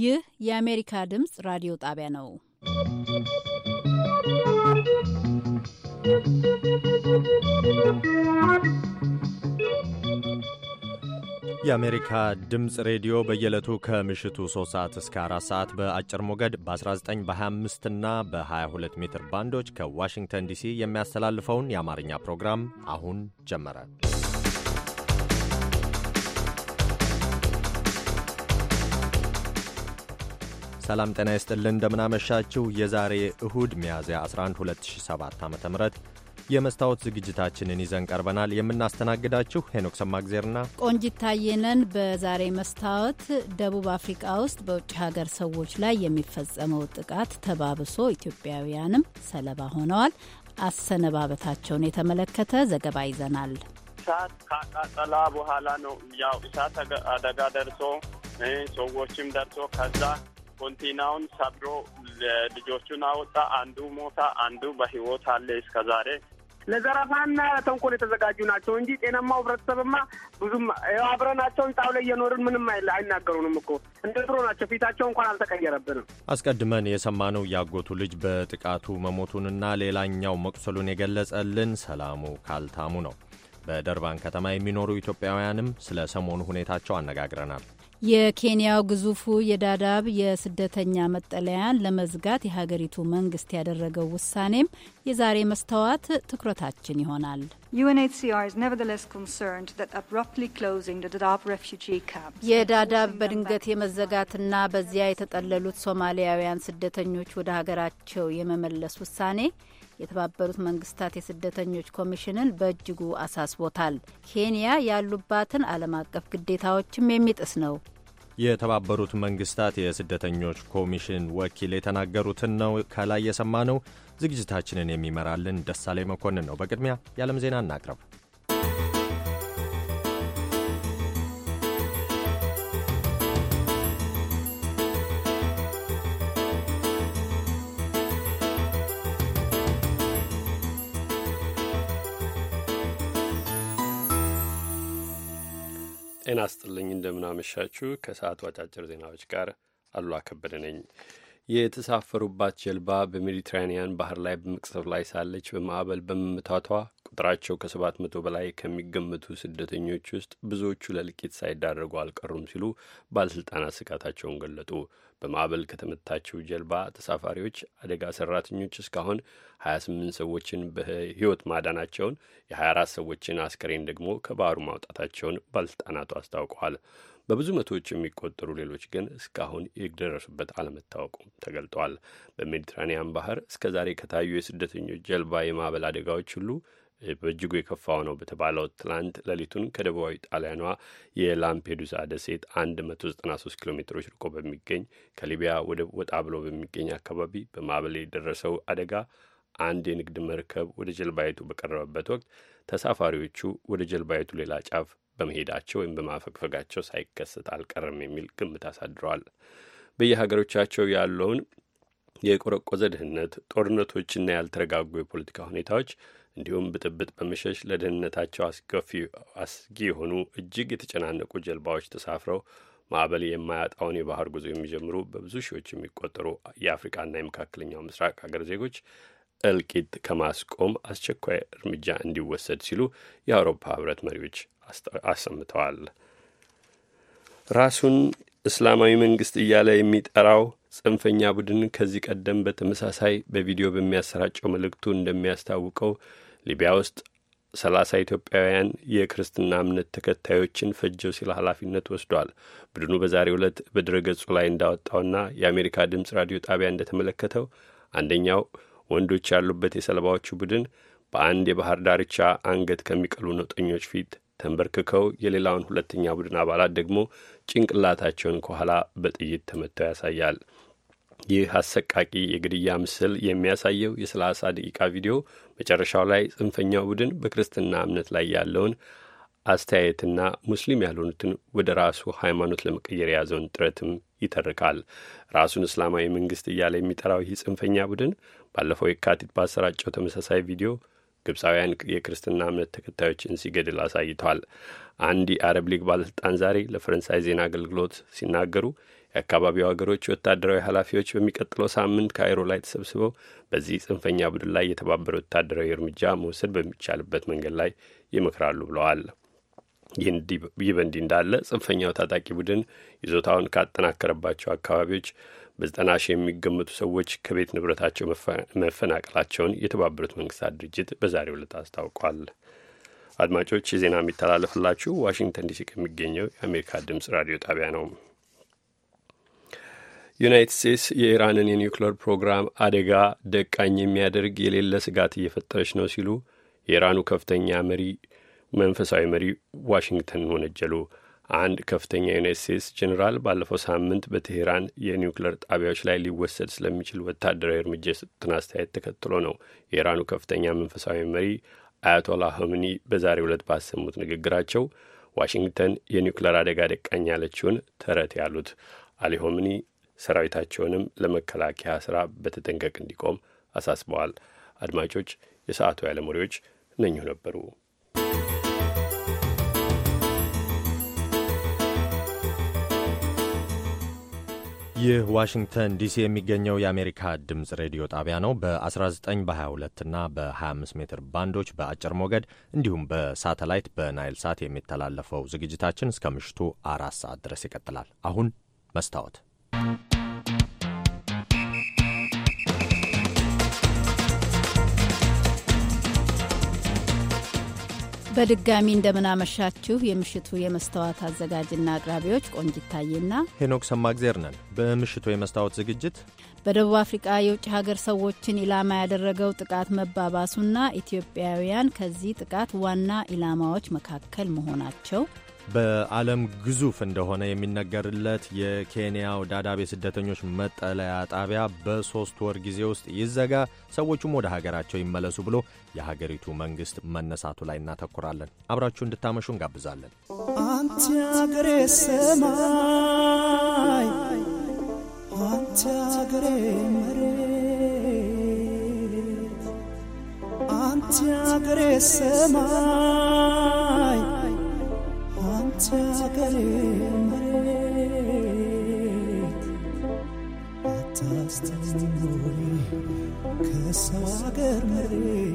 ይህ የአሜሪካ ድምፅ ራዲዮ ጣቢያ ነው። የአሜሪካ ድምፅ ሬዲዮ በየዕለቱ ከምሽቱ 3 ሰዓት እስከ 4 ሰዓት በአጭር ሞገድ በ19 በ25 እና በ22 ሜትር ባንዶች ከዋሽንግተን ዲሲ የሚያስተላልፈውን የአማርኛ ፕሮግራም አሁን ጀመረ። ሰላም ጤና ይስጥልን እንደምናመሻችሁ። የዛሬ እሁድ ሚያዝያ 11 2007 ዓ ም የመስታወት ዝግጅታችንን ይዘን ቀርበናል። የምናስተናግዳችሁ ሄኖክ ሰማግዜርና ቆንጂት ታየነን። በዛሬ መስታወት ደቡብ አፍሪቃ ውስጥ በውጭ ሀገር ሰዎች ላይ የሚፈጸመው ጥቃት ተባብሶ ኢትዮጵያውያንም ሰለባ ሆነዋል። አሰነባበታቸውን የተመለከተ ዘገባ ይዘናል። እሳት ካቃጠላ በኋላ ነው ያው እሳት አደጋ ደርሶ ሰዎችም ደርሶ ከዛ ኮንቲናውን ሰብሮ ልጆቹን አወጣ። አንዱ ሞታ፣ አንዱ በህይወት አለ እስከዛሬ ለዘረፋና ለተንኮል የተዘጋጁ ናቸው እንጂ ጤናማው ህብረተሰብማ ብዙም አብረናቸው ህንጻው እየኖርን ምንም አይናገሩንም እኮ እንደ ድሮ ናቸው። ፊታቸው እንኳን አልተቀየረብንም። አስቀድመን የሰማነው ያጎቱ ልጅ በጥቃቱ መሞቱንና ሌላኛው መቁሰሉን የገለጸልን ሰላሙ ካልታሙ ነው። በደርባን ከተማ የሚኖሩ ኢትዮጵያውያንም ስለ ሰሞኑ ሁኔታቸው አነጋግረናል። የኬንያው ግዙፉ የዳዳብ የስደተኛ መጠለያን ለመዝጋት የሀገሪቱ መንግስት ያደረገው ውሳኔም የዛሬ መስተዋት ትኩረታችን ይሆናል። የዳዳብ በድንገት የመዘጋትና በዚያ የተጠለሉት ሶማሊያውያን ስደተኞች ወደ ሀገራቸው የመመለስ ውሳኔ የተባበሩት መንግስታት የስደተኞች ኮሚሽንን በእጅጉ አሳስቦታል። ኬንያ ያሉባትን ዓለም አቀፍ ግዴታዎችም የሚጥስ ነው። የተባበሩት መንግስታት የስደተኞች ኮሚሽን ወኪል የተናገሩትን ነው ከላይ የሰማ ነው። ዝግጅታችንን የሚመራልን ደሳላይ መኮንን ነው። በቅድሚያ የዓለም ዜና እናቅርብ። ጤና ስጥልኝ እንደምናመሻችሁ። ከሰዓቱ አጫጭር ዜናዎች ጋር አሉላ ከበደ ነኝ። የተሳፈሩባት ጀልባ በሜዲትራኒያን ባህር ላይ በመቅሰፍ ላይ ሳለች በማዕበል በመመታቷ ቁጥራቸው ከሰባት መቶ በላይ ከሚገመቱ ስደተኞች ውስጥ ብዙዎቹ ለልቂት ሳይዳረጉ አልቀሩም ሲሉ ባለሥልጣናት ስጋታቸውን ገለጡ። በማዕበል ከተመታችው ጀልባ ተሳፋሪዎች አደጋ ሰራተኞች እስካሁን 28 ሰዎችን በህይወት ማዳናቸውን የ24 ሰዎችን አስከሬን ደግሞ ከባህሩ ማውጣታቸውን ባለስልጣናቱ አስታውቀዋል። በብዙ መቶዎች የሚቆጠሩ ሌሎች ግን እስካሁን የደረሱበት አለመታወቁም ተገልጧል። በሜዲትራኒያን ባህር እስከ ዛሬ ከታዩ የስደተኞች ጀልባ የማዕበል አደጋዎች ሁሉ በእጅጉ የከፋው ነው በተባለው ትላንት ሌሊቱን ከደቡባዊ ጣሊያኗ የላምፔዱሳ ደሴት 193 ኪሎ ሜትሮች ርቆ በሚገኝ ከሊቢያ ወደ ወጣ ብሎ በሚገኝ አካባቢ በማዕበል የደረሰው አደጋ አንድ የንግድ መርከብ ወደ ጀልባይቱ በቀረበበት ወቅት ተሳፋሪዎቹ ወደ ጀልባይቱ ሌላ ጫፍ በመሄዳቸው ወይም በማፈግፈጋቸው ሳይከሰት አልቀረም የሚል ግምት አሳድረዋል። በየሀገሮቻቸው ያለውን የቆረቆዘ ድህነት፣ ጦርነቶችና ያልተረጋጉ የፖለቲካ ሁኔታዎች እንዲሁም ብጥብጥ በመሸሽ ለደህንነታቸው አስጊ የሆኑ እጅግ የተጨናነቁ ጀልባዎች ተሳፍረው ማዕበል የማያጣውን የባህር ጉዞ የሚጀምሩ በብዙ ሺዎች የሚቆጠሩ የአፍሪቃና የመካከለኛው ምስራቅ ሀገር ዜጎች እልቂት ከማስቆም አስቸኳይ እርምጃ እንዲወሰድ ሲሉ የአውሮፓ ህብረት መሪዎች አሰምተዋል። ራሱን እስላማዊ መንግስት እያለ የሚጠራው ጽንፈኛ ቡድን ከዚህ ቀደም በተመሳሳይ በቪዲዮ በሚያሰራጨው መልእክቱ እንደሚያስታውቀው ሊቢያ ውስጥ ሰላሳ ኢትዮጵያውያን የክርስትና እምነት ተከታዮችን ፈጀው ሲል ኃላፊነት ወስዷል። ቡድኑ በዛሬው ዕለት ገጹ ላይ እንዳወጣውና የአሜሪካ ድምፅ ራዲዮ ጣቢያ እንደተመለከተው አንደኛው ወንዶች ያሉበት የሰለባዎቹ ቡድን በአንድ የባህር ዳርቻ አንገት ከሚቀሉ ነውጠኞች ፊት ተንበርክከው የሌላውን ሁለተኛ ቡድን አባላት ደግሞ ጭንቅላታቸውን ከኋላ በጥይት ተመተው ያሳያል። ይህ አሰቃቂ የግድያ ምስል የሚያሳየው የሰላሳ ደቂቃ ቪዲዮ መጨረሻው ላይ ጽንፈኛው ቡድን በክርስትና እምነት ላይ ያለውን አስተያየትና ሙስሊም ያልሆኑትን ወደ ራሱ ሃይማኖት ለመቀየር የያዘውን ጥረትም ይተርካል። ራሱን እስላማዊ መንግስት እያለ የሚጠራው ይህ ጽንፈኛ ቡድን ባለፈው የካቲት ባሰራጨው ተመሳሳይ ቪዲዮ ግብፃውያን የክርስትና እምነት ተከታዮችን ሲገድል አሳይቷል። አንድ የአረብ ሊግ ባለሥልጣን ዛሬ ለፈረንሳይ ዜና አገልግሎት ሲናገሩ የአካባቢው ሀገሮች ወታደራዊ ኃላፊዎች በሚቀጥለው ሳምንት ካይሮ ላይ ተሰብስበው በዚህ ጽንፈኛ ቡድን ላይ የተባበረ ወታደራዊ እርምጃ መውሰድ በሚቻልበት መንገድ ላይ ይመክራሉ ብለዋል። ይህ በእንዲህ እንዳለ ጽንፈኛው ታጣቂ ቡድን ይዞታውን ካጠናከረባቸው አካባቢዎች በዘጠና ሺህ የሚገመቱ ሰዎች ከቤት ንብረታቸው መፈናቀላቸውን የተባበሩት መንግስታት ድርጅት በዛሬው ዕለት አስታውቋል። አድማጮች ዜና የሚተላለፍላችሁ ዋሽንግተን ዲሲ ከሚገኘው የአሜሪካ ድምጽ ራዲዮ ጣቢያ ነው። ዩናይትድ ስቴትስ የኢራንን የኒውክሌር ፕሮግራም አደጋ ደቃኝ የሚያደርግ የሌለ ስጋት እየፈጠረች ነው ሲሉ የኢራኑ ከፍተኛ መሪ መንፈሳዊ መሪ ዋሽንግተን ወነጀሉ። አንድ ከፍተኛ ዩናይት ስቴትስ ጄኔራል ባለፈው ሳምንት በቴሄራን የኒውክሌር ጣቢያዎች ላይ ሊወሰድ ስለሚችል ወታደራዊ እርምጃ የሰጡትን አስተያየት ተከትሎ ነው። የኢራኑ ከፍተኛ መንፈሳዊ መሪ አያቶላ ሆምኒ በዛሬው ዕለት ባሰሙት ንግግራቸው ዋሽንግተን የኒውክሌር አደጋ ደቃኝ ያለችውን ተረት ያሉት አሊ ሆምኒ ሰራዊታቸውንም ለመከላከያ ስራ በተጠንቀቅ እንዲቆም አሳስበዋል። አድማጮች፣ የሰዓቱ የዓለም ወሬዎች እነኚሁ ነበሩ። ይህ ዋሽንግተን ዲሲ የሚገኘው የአሜሪካ ድምፅ ሬዲዮ ጣቢያ ነው። በ19 በ22 እና በ25 ሜትር ባንዶች በአጭር ሞገድ እንዲሁም በሳተላይት በናይል ሳት የሚተላለፈው ዝግጅታችን እስከ ምሽቱ አራት ሰዓት ድረስ ይቀጥላል። አሁን መስታወት በድጋሚ እንደምናመሻችሁ የምሽቱ የመስታወት አዘጋጅና አቅራቢዎች ቆንጅታዬና ሄኖክ ሰማግዜር ነን። በምሽቱ የመስታወት ዝግጅት በደቡብ አፍሪቃ የውጭ ሀገር ሰዎችን ኢላማ ያደረገው ጥቃት መባባሱና ኢትዮጵያውያን ከዚህ ጥቃት ዋና ኢላማዎች መካከል መሆናቸው በዓለም ግዙፍ እንደሆነ የሚነገርለት የኬንያው ዳዳቤ ስደተኞች መጠለያ ጣቢያ በሦስት ወር ጊዜ ውስጥ ይዘጋ፣ ሰዎቹም ወደ ሀገራቸው ይመለሱ ብሎ የሀገሪቱ መንግሥት መነሳቱ ላይ እናተኩራለን። አብራችሁ እንድታመሹ እንጋብዛለን። አንተ አገሬ ሰማይ፣ አንተ አገሬ መሬት፣ አንተ አገሬ ሰማይ አትበል መሬት አታስተውይ ከሰው አገር መሬት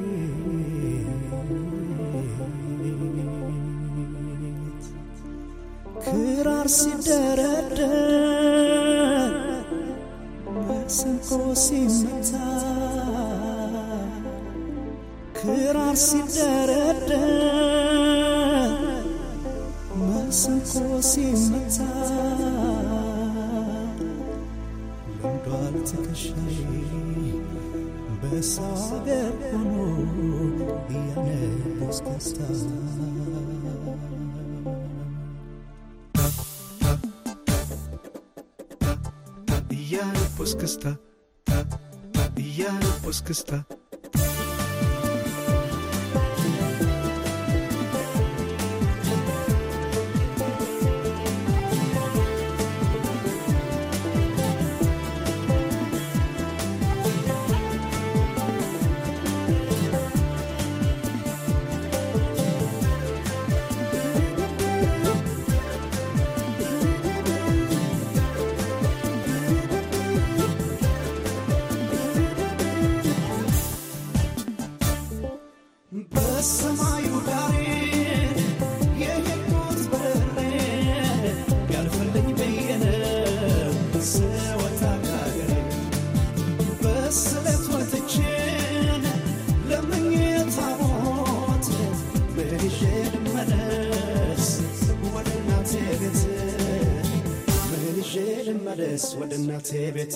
ክራር ሲደረደር ሲመታ ክራር ሲደረደር ስንኮ ሲመታ ለምዷል በሰው አገር ሆኖ እያነቦስ ከስታ እያነቦስ ከስታ እያነቦስ ከስታ ልመለስ ወደ እናቴ ቤት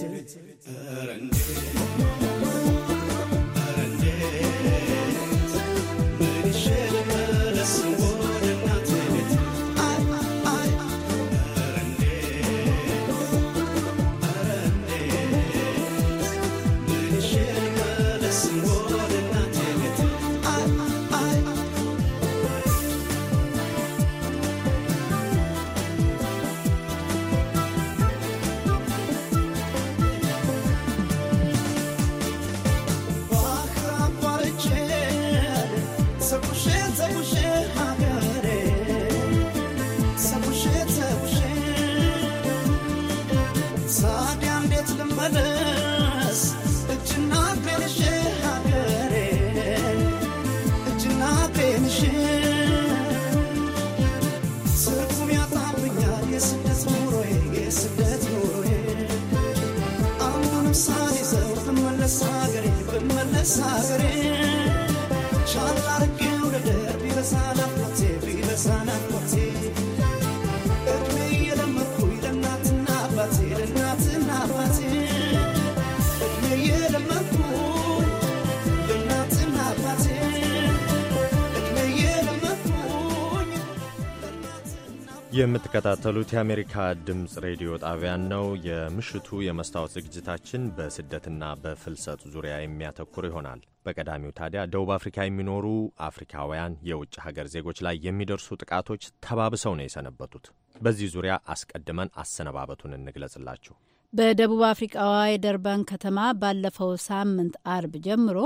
የምትከታተሉት የአሜሪካ ድምፅ ሬዲዮ ጣቢያን ነው። የምሽቱ የመስታወት ዝግጅታችን በስደትና በፍልሰት ዙሪያ የሚያተኩር ይሆናል። በቀዳሚው ታዲያ ደቡብ አፍሪካ የሚኖሩ አፍሪካውያን የውጭ ሀገር ዜጎች ላይ የሚደርሱ ጥቃቶች ተባብሰው ነው የሰነበቱት። በዚህ ዙሪያ አስቀድመን አሰነባበቱን እንግለጽላችሁ። በደቡብ አፍሪካዋ የደርባን ከተማ ባለፈው ሳምንት አርብ ጀምሮ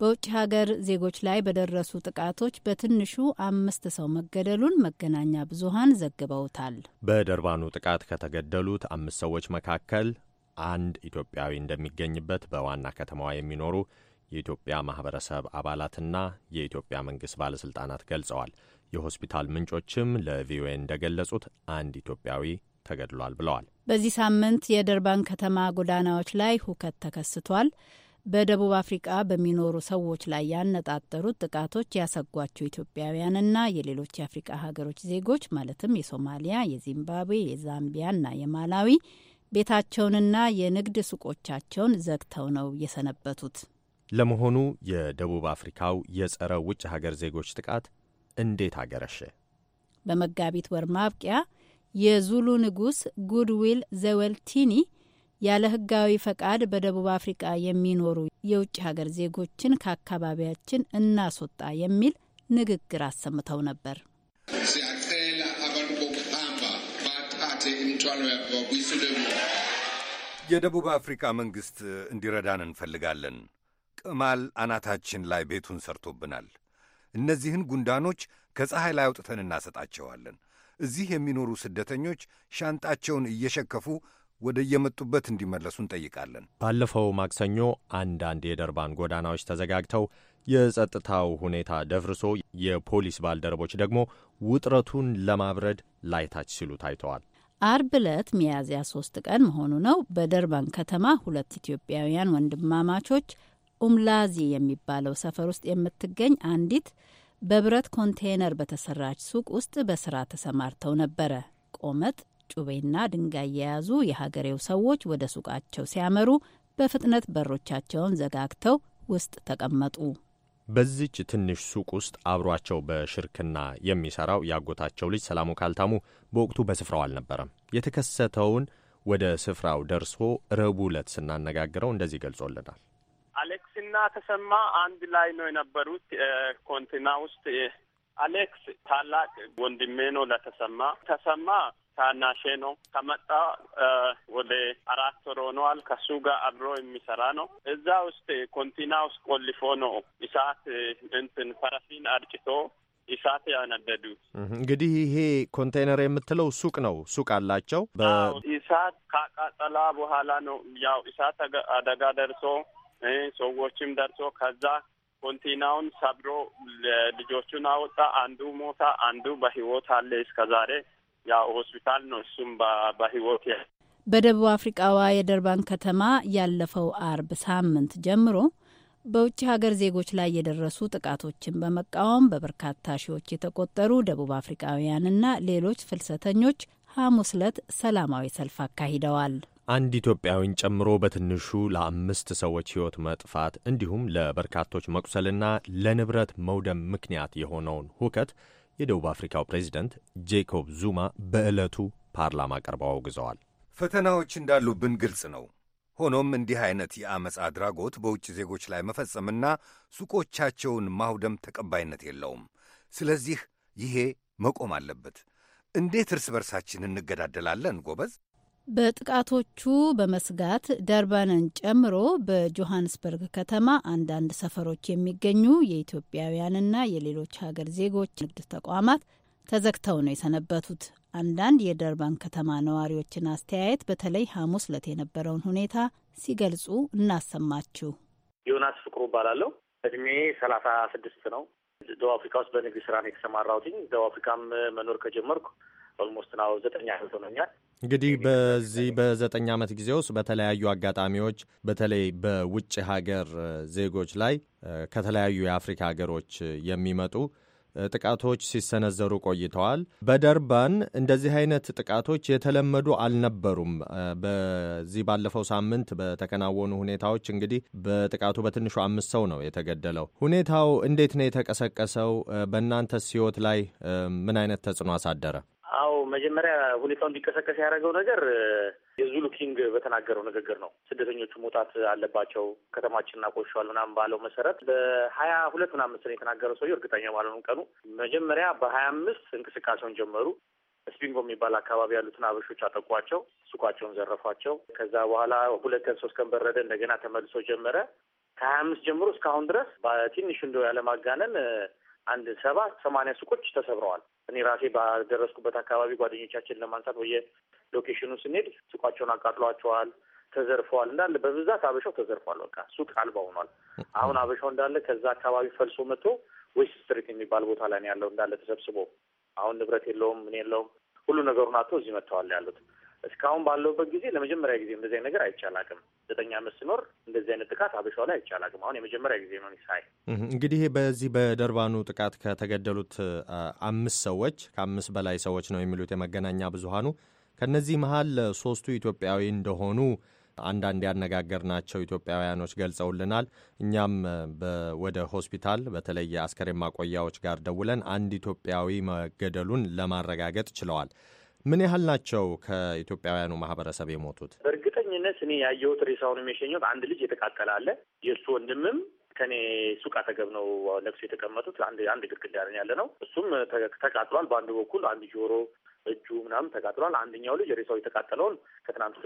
በውጭ ሀገር ዜጎች ላይ በደረሱ ጥቃቶች በትንሹ አምስት ሰው መገደሉን መገናኛ ብዙሃን ዘግበውታል። በደርባኑ ጥቃት ከተገደሉት አምስት ሰዎች መካከል አንድ ኢትዮጵያዊ እንደሚገኝበት በዋና ከተማዋ የሚኖሩ የኢትዮጵያ ማህበረሰብ አባላትና የኢትዮጵያ መንግስት ባለስልጣናት ገልጸዋል። የሆስፒታል ምንጮችም ለቪኦኤ እንደገለጹት አንድ ኢትዮጵያዊ ተገድሏል ብለዋል። በዚህ ሳምንት የደርባን ከተማ ጎዳናዎች ላይ ሁከት ተከስቷል። በደቡብ አፍሪቃ በሚኖሩ ሰዎች ላይ ያነጣጠሩት ጥቃቶች ያሰጓቸው ኢትዮጵያውያንና የሌሎች የአፍሪቃ ሀገሮች ዜጎች ማለትም የሶማሊያ፣ የዚምባብዌ፣ የዛምቢያና የማላዊ ቤታቸውንና የንግድ ሱቆቻቸውን ዘግተው ነው የሰነበቱት። ለመሆኑ የደቡብ አፍሪካው የጸረ ውጭ ሀገር ዜጎች ጥቃት እንዴት አገረሸ? በመጋቢት ወር ማብቂያ የዙሉ ንጉሥ ጉድዊል ዘወልቲኒ ያለ ሕጋዊ ፈቃድ በደቡብ አፍሪቃ የሚኖሩ የውጭ ሀገር ዜጎችን ከአካባቢያችን እናስወጣ የሚል ንግግር አሰምተው ነበር። የደቡብ አፍሪካ መንግስት እንዲረዳን እንፈልጋለን። ቅማል አናታችን ላይ ቤቱን ሰርቶብናል። እነዚህን ጉንዳኖች ከፀሐይ ላይ አውጥተን እናሰጣቸዋለን። እዚህ የሚኖሩ ስደተኞች ሻንጣቸውን እየሸከፉ ወደ የመጡበት እንዲመለሱ እንጠይቃለን። ባለፈው ማክሰኞ አንዳንድ የደርባን ጎዳናዎች ተዘጋግተው የጸጥታው ሁኔታ ደፍርሶ የፖሊስ ባልደረቦች ደግሞ ውጥረቱን ለማብረድ ላይታች ሲሉ ታይተዋል። አርብ ዕለት ሚያዝያ ሶስት ቀን መሆኑ ነው። በደርባን ከተማ ሁለት ኢትዮጵያውያን ወንድማማቾች ኡምላዚ የሚባለው ሰፈር ውስጥ የምትገኝ አንዲት በብረት ኮንቴይነር በተሰራች ሱቅ ውስጥ በስራ ተሰማርተው ነበረ። ቆመጥ ጩቤና ድንጋይ የያዙ የሀገሬው ሰዎች ወደ ሱቃቸው ሲያመሩ በፍጥነት በሮቻቸውን ዘጋግተው ውስጥ ተቀመጡ። በዚች ትንሽ ሱቅ ውስጥ አብሯቸው በሽርክና የሚሰራው ያጎታቸው ልጅ ሰላሙ ካልታሙ በወቅቱ በስፍራው አልነበረም። የተከሰተውን ወደ ስፍራው ደርሶ ረቡዕ ዕለት ስናነጋግረው እንደዚህ ገልጾልናል። አሌክስና ተሰማ አንድ ላይ ነው የነበሩት ኮንቲና ውስጥ። አሌክስ ታላቅ ወንድሜ ነው ለተሰማ። ተሰማ ታናሼ ነው። ከመጣ ወደ አራት ወር ሆነዋል። ከሱ ጋር አብሮ የሚሰራ ነው። እዛ ውስጥ ኮንቲና ውስጥ ቆልፎ ነው እሳት እንትን ፈረፊን አድጭቶ እሳት ያነደዱ። እንግዲህ ይሄ ኮንቴይነር የምትለው ሱቅ ነው። ሱቅ አላቸው። እሳት ካቃጠላ በኋላ ነው ያው እሳት አደጋ ደርሶ ሰዎችም ደርሶ ከዛ ኮንቲናውን ሰብሮ ልጆቹን አወጣ። አንዱ ሞታ፣ አንዱ በህይወት አለ እስከ ዛሬ ያው ሆስፒታል ነው። እሱም በህይወት በደቡብ አፍሪቃዋ የደርባን ከተማ ያለፈው አርብ ሳምንት ጀምሮ በውጭ ሀገር ዜጎች ላይ የደረሱ ጥቃቶችን በመቃወም በበርካታ ሺዎች የተቆጠሩ ደቡብ አፍሪቃውያንና ሌሎች ፍልሰተኞች ሐሙስ ዕለት ሰላማዊ ሰልፍ አካሂደዋል። አንድ ኢትዮጵያዊን ጨምሮ በትንሹ ለአምስት ሰዎች ሕይወት መጥፋት እንዲሁም ለበርካቶች መቁሰልና ለንብረት መውደም ምክንያት የሆነውን ሁከት የደቡብ አፍሪካው ፕሬዚደንት ጄኮብ ዙማ በዕለቱ ፓርላማ ቀርበው አውግዘዋል። ፈተናዎች እንዳሉብን ግልጽ ነው። ሆኖም እንዲህ አይነት የአመፅ አድራጎት በውጭ ዜጎች ላይ መፈጸምና ሱቆቻቸውን ማውደም ተቀባይነት የለውም። ስለዚህ ይሄ መቆም አለበት። እንዴት እርስ በርሳችን እንገዳደላለን? ጎበዝ በጥቃቶቹ በመስጋት ደርባንን ጨምሮ በጆሃንስበርግ ከተማ አንዳንድ ሰፈሮች የሚገኙ የኢትዮጵያውያንና የሌሎች ሀገር ዜጎች ንግድ ተቋማት ተዘግተው ነው የሰነበቱት። አንዳንድ የደርባን ከተማ ነዋሪዎችን አስተያየት በተለይ ሐሙስ ዕለት የነበረውን ሁኔታ ሲገልጹ እናሰማችሁ። ዮናስ ፍቅሩ እባላለሁ። እድሜ ሰላሳ ስድስት ነው። ደቡብ አፍሪካ ውስጥ በንግድ ስራ ነው የተሰማራሁትኝ። ደቡብ አፍሪካም መኖር ከጀመርኩ ኦልሞስት ናው ዘጠኝ ዓመት ሆኖኛል። እንግዲህ በዚህ በዘጠኝ ዓመት ጊዜ ውስጥ በተለያዩ አጋጣሚዎች በተለይ በውጭ ሀገር ዜጎች ላይ ከተለያዩ የአፍሪካ ሀገሮች የሚመጡ ጥቃቶች ሲሰነዘሩ ቆይተዋል። በደርባን እንደዚህ አይነት ጥቃቶች የተለመዱ አልነበሩም። በዚህ ባለፈው ሳምንት በተከናወኑ ሁኔታዎች እንግዲህ በጥቃቱ በትንሹ አምስት ሰው ነው የተገደለው። ሁኔታው እንዴት ነው የተቀሰቀሰው? በእናንተስ ሕይወት ላይ ምን አይነት ተጽዕኖ አሳደረ? አዎ መጀመሪያ ሁኔታው እንዲቀሰቀስ ያደረገው ነገር የዙሉ ኪንግ በተናገረው ንግግር ነው። ስደተኞቹ መውጣት አለባቸው፣ ከተማችን እናቆሸዋል ምናምን ባለው መሰረት በሀያ ሁለት ምናምን መሰለኝ የተናገረው ሰውዬው እርግጠኛ ማለት ነው ቀኑ። መጀመሪያ በሀያ አምስት እንቅስቃሴውን ጀመሩ። ስፒንጎ የሚባል አካባቢ ያሉትን አበሾች አጠቋቸው፣ ሱቋቸውን ዘረፏቸው። ከዛ በኋላ ሁለት ቀን ሶስት ቀን በረደ፣ እንደገና ተመልሶ ጀመረ። ከሀያ አምስት ጀምሮ እስካሁን ድረስ በትንሽ እንደው ያለማጋነን አንድ ሰባ ሰማንያ ሱቆች ተሰብረዋል። እኔ ራሴ ባደረስኩበት አካባቢ ጓደኞቻችን ለማንሳት ወየ ሎኬሽኑ ስንሄድ ሱቋቸውን አቃጥሏቸዋል፣ ተዘርፈዋል። እንዳለ በብዛት አበሻው ተዘርፏል። በቃ ሱቅ አልባ ሆኗል። አሁን አበሻው እንዳለ ከዛ አካባቢ ፈልሶ መጥቶ ዌስት ስትሪት የሚባል ቦታ ላይ ነው ያለው። እንዳለ ተሰብስቦ አሁን ንብረት የለውም ምን የለውም ሁሉ ነገሩን አቶ እዚህ መጥተዋል ያሉት እስካሁን ባለውበት ጊዜ ለመጀመሪያ ጊዜ እንደዚህ አይነት ነገር አይቻላቅም። ዘጠኝ አመት ስኖር እንደዚህ አይነት ጥቃት አበሻው ላይ አይቻላቅም። አሁን የመጀመሪያ ጊዜ ነው ሳይ። እንግዲህ በዚህ በደርባኑ ጥቃት ከተገደሉት አምስት ሰዎች ከአምስት በላይ ሰዎች ነው የሚሉት የመገናኛ ብዙሀኑ ከእነዚህ መሀል ሶስቱ ኢትዮጵያዊ እንደሆኑ አንዳንድ ያነጋገርናቸው ኢትዮጵያውያኖች ገልጸውልናል። እኛም ወደ ሆስፒታል በተለይ አስከሬን ማቆያዎች ጋር ደውለን አንድ ኢትዮጵያዊ መገደሉን ለማረጋገጥ ችለዋል። ምን ያህል ናቸው ከኢትዮጵያውያኑ ማህበረሰብ የሞቱት? በእርግጠኝነት እኔ ያየሁት ሬሳውን የሚሸኘት አንድ ልጅ የተቃጠለ አለ። የእሱ ወንድምም ከኔ ሱቅ አጠገብ ነው ለቅሶ የተቀመጡት። አንድ አንድ ግድግዳ ያለ ነው። እሱም ተቃጥሏል። በአንዱ በኩል አንድ ጆሮ እጁ ምናምን ተቃጥሏል። አንደኛው ልጅ ሬሳው የተቃጠለውን ከትናንት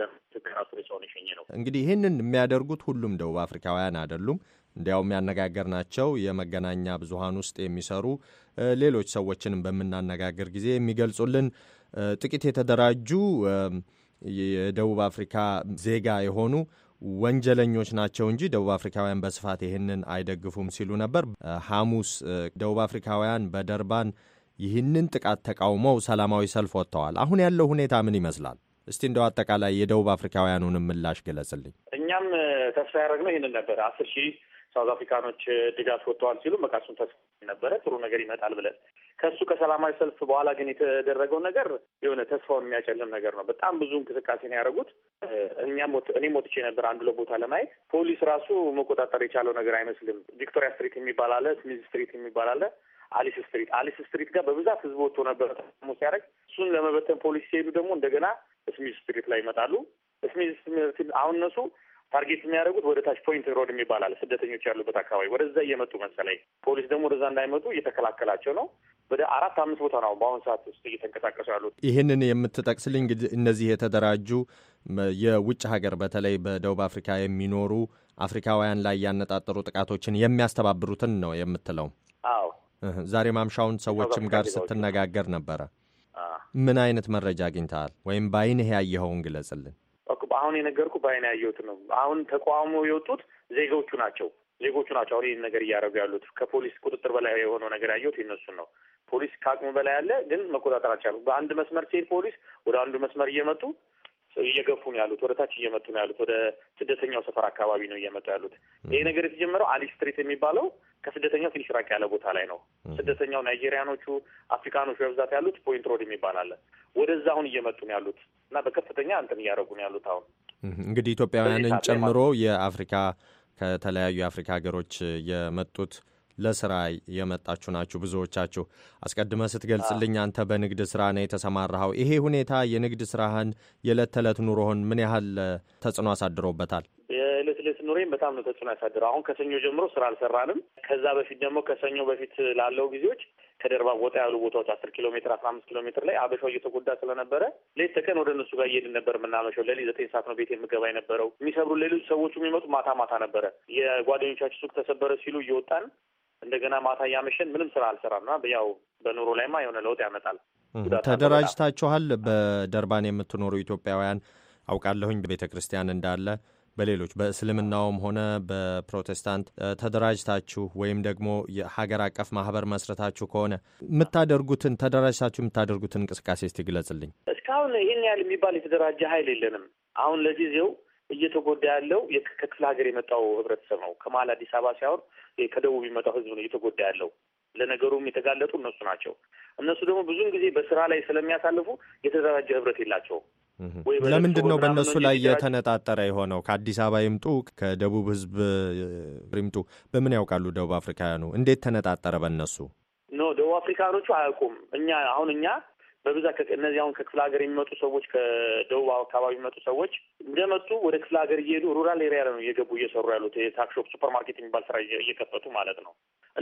ከራሱ ሬሳውን የሸኘ ነው። እንግዲህ ይህንን የሚያደርጉት ሁሉም ደቡብ አፍሪካውያን አይደሉም። እንዲያውም ያነጋገርናቸው የመገናኛ ብዙሀን ውስጥ የሚሰሩ ሌሎች ሰዎችንም በምናነጋግር ጊዜ የሚገልጹልን ጥቂት የተደራጁ የደቡብ አፍሪካ ዜጋ የሆኑ ወንጀለኞች ናቸው እንጂ ደቡብ አፍሪካውያን በስፋት ይህንን አይደግፉም ሲሉ ነበር። ሐሙስ ደቡብ አፍሪካውያን በደርባን ይህንን ጥቃት ተቃውመው ሰላማዊ ሰልፍ ወጥተዋል። አሁን ያለው ሁኔታ ምን ይመስላል? እስቲ እንደው አጠቃላይ የደቡብ አፍሪካውያኑንም ምላሽ ገለጽልኝ። እኛም ተስፋ ያደረግነው ይህንን ነበር አስር ሺህ ሳውዝ አፍሪካኖች ድጋፍ ወጥተዋል ሲሉ በቃ እሱን ተስፋ ነበረ ጥሩ ነገር ይመጣል ብለን ከእሱ ከሰላማዊ ሰልፍ በኋላ ግን የተደረገው ነገር የሆነ ተስፋውን የሚያጨልም ነገር ነው። በጣም ብዙ እንቅስቃሴ ነው ያደረጉት። እኛ እኔ ሞትቼ ነበር አንዱ ለቦታ ለማየት ፖሊስ ራሱ መቆጣጠር የቻለው ነገር አይመስልም። ቪክቶሪያ ስትሪት የሚባል አለ፣ ስሚዝ ስትሪት የሚባል አለ፣ አሊስ ስትሪት አሊስ ስትሪት ጋር በብዛት ህዝብ ወጥቶ ነበረ ተሞ ሲያደርግ እሱን ለመበተን ፖሊስ ሲሄዱ ደግሞ እንደገና ስሚዝ ስትሪት ላይ ይመጣሉ። ስሚዝ ስትሪት አሁን እነሱ ታርጌት የሚያደርጉት ወደ ታች ፖይንት ሮድ የሚባላል ስደተኞች ያሉበት አካባቢ። ወደዛ እየመጡ መሰለኝ። ፖሊስ ደግሞ ወደዛ እንዳይመጡ እየተከላከላቸው ነው። ወደ አራት አምስት ቦታ ነው በአሁኑ ሰዓት ውስጥ እየተንቀሳቀሱ ያሉት። ይህንን የምትጠቅስልኝ እንግዲህ እነዚህ የተደራጁ የውጭ ሀገር በተለይ በደቡብ አፍሪካ የሚኖሩ አፍሪካውያን ላይ ያነጣጠሩ ጥቃቶችን የሚያስተባብሩትን ነው የምትለው? አዎ። ዛሬ ማምሻውን ሰዎችም ጋር ስትነጋገር ነበረ። ምን አይነት መረጃ አግኝተሃል? ወይም በአይንህ ያየኸውን ግለጽልን። አሁን የነገርኩ በአይን ያየሁት ነው። አሁን ተቋሙ የወጡት ዜጎቹ ናቸው ዜጎቹ ናቸው አሁን ይህን ነገር እያደረጉ ያሉት። ከፖሊስ ቁጥጥር በላይ የሆነው ነገር ያየሁት የነሱን ነው። ፖሊስ ከአቅሙ በላይ ያለ ግን መቆጣጠር አልቻሉ። በአንድ መስመር ሲሄድ ፖሊስ ወደ አንዱ መስመር እየመጡ እየገፉ ነው ያሉት። ወደ ታች እየመጡ ነው ያሉት። ወደ ስደተኛው ሰፈር አካባቢ ነው እየመጡ ያሉት። ይህ ነገር የተጀመረው አሊ ስትሪት የሚባለው ከስደተኛው ትንሽ ራቅ ያለ ቦታ ላይ ነው። ስደተኛው ናይጄሪያኖቹ፣ አፍሪካኖቹ በብዛት ያሉት ፖይንት ሮድ የሚባል አለ። ወደዛ አሁን እየመጡ ነው ያሉት። እና በከፍተኛ እንትን እያደረጉ ነው ያሉት። አሁን እንግዲህ ኢትዮጵያውያንን ጨምሮ የአፍሪካ ከተለያዩ የአፍሪካ ሀገሮች የመጡት ለስራ የመጣችሁ ናችሁ ብዙዎቻችሁ። አስቀድመ ስትገልጽልኝ አንተ በንግድ ስራ ነው የተሰማራኸው። ይሄ ሁኔታ የንግድ ስራህን የዕለት ተዕለት ኑሮህን ምን ያህል ተጽዕኖ አሳድሮበታል? የዕለት ዕለት ኑሮዬን በጣም ነው ተጽዕኖ ያሳድረው። አሁን ከሰኞ ጀምሮ ስራ አልሰራንም። ከዛ በፊት ደግሞ ከሰኞ በፊት ላለው ጊዜዎች ከደርባ ወጣ ያሉ ቦታዎች አስር ኪሎ ሜትር አስራ አምስት ኪሎ ሜትር ላይ አበሻው እየተጎዳ ስለነበረ ሌት ተቀን ወደ እነሱ ጋር እየሄድን ነበር የምናመሸው። ሌሊት ዘጠኝ ሰዓት ነው ቤት የምገባ የነበረው። የሚሰብሩ ሌሎች ሰዎቹ የሚመጡ ማታ ማታ ነበረ። የጓደኞቻችን ሱቅ ተሰበረ ሲሉ እየወጣን እንደገና ማታ እያመሸን ምንም ስራ አልሰራም እና ያው በኑሮ ላይማ የሆነ ለውጥ ያመጣል። ተደራጅታችኋል? በደርባን የምትኖሩ ኢትዮጵያውያን አውቃለሁኝ ቤተ ክርስቲያን እንዳለ በሌሎች በእስልምናውም ሆነ በፕሮቴስታንት ተደራጅታችሁ ወይም ደግሞ የሀገር አቀፍ ማህበር መስረታችሁ ከሆነ የምታደርጉትን ተደራጅታችሁ የምታደርጉትን እንቅስቃሴ እስቲ ግለጽልኝ። እስካሁን ይህን ያህል የሚባል የተደራጀ ሀይል የለንም። አሁን ለጊዜው እየተጎዳ ያለው ከክፍለ ሀገር የመጣው ህብረተሰብ ነው። ከመሀል አዲስ አበባ ሳይሆን ከደቡብ የመጣው ህዝብ ነው እየተጎዳ ያለው። ለነገሩም የተጋለጡ እነሱ ናቸው። እነሱ ደግሞ ብዙን ጊዜ በስራ ላይ ስለሚያሳልፉ የተደራጀ ህብረት የላቸውም። ለምንድን ነው በእነሱ ላይ የተነጣጠረ የሆነው? ከአዲስ አበባ ይምጡ፣ ከደቡብ ህዝብ ይምጡ፣ በምን ያውቃሉ ደቡብ አፍሪካውያኑ? እንዴት ተነጣጠረ በእነሱ? ኖ ደቡብ አፍሪካኖቹ አያውቁም። እኛ አሁን እኛ በብዛት እነዚህ አሁን ከክፍለ ሀገር የሚመጡ ሰዎች ከደቡብ አካባቢ የሚመጡ ሰዎች እንደመጡ ወደ ክፍለ ሀገር እየሄዱ ሩራል ኤሪያ ነው እየገቡ እየሰሩ ያሉት የታክሾፕ ሱፐር ማርኬት የሚባል ስራ እየከፈቱ ማለት ነው።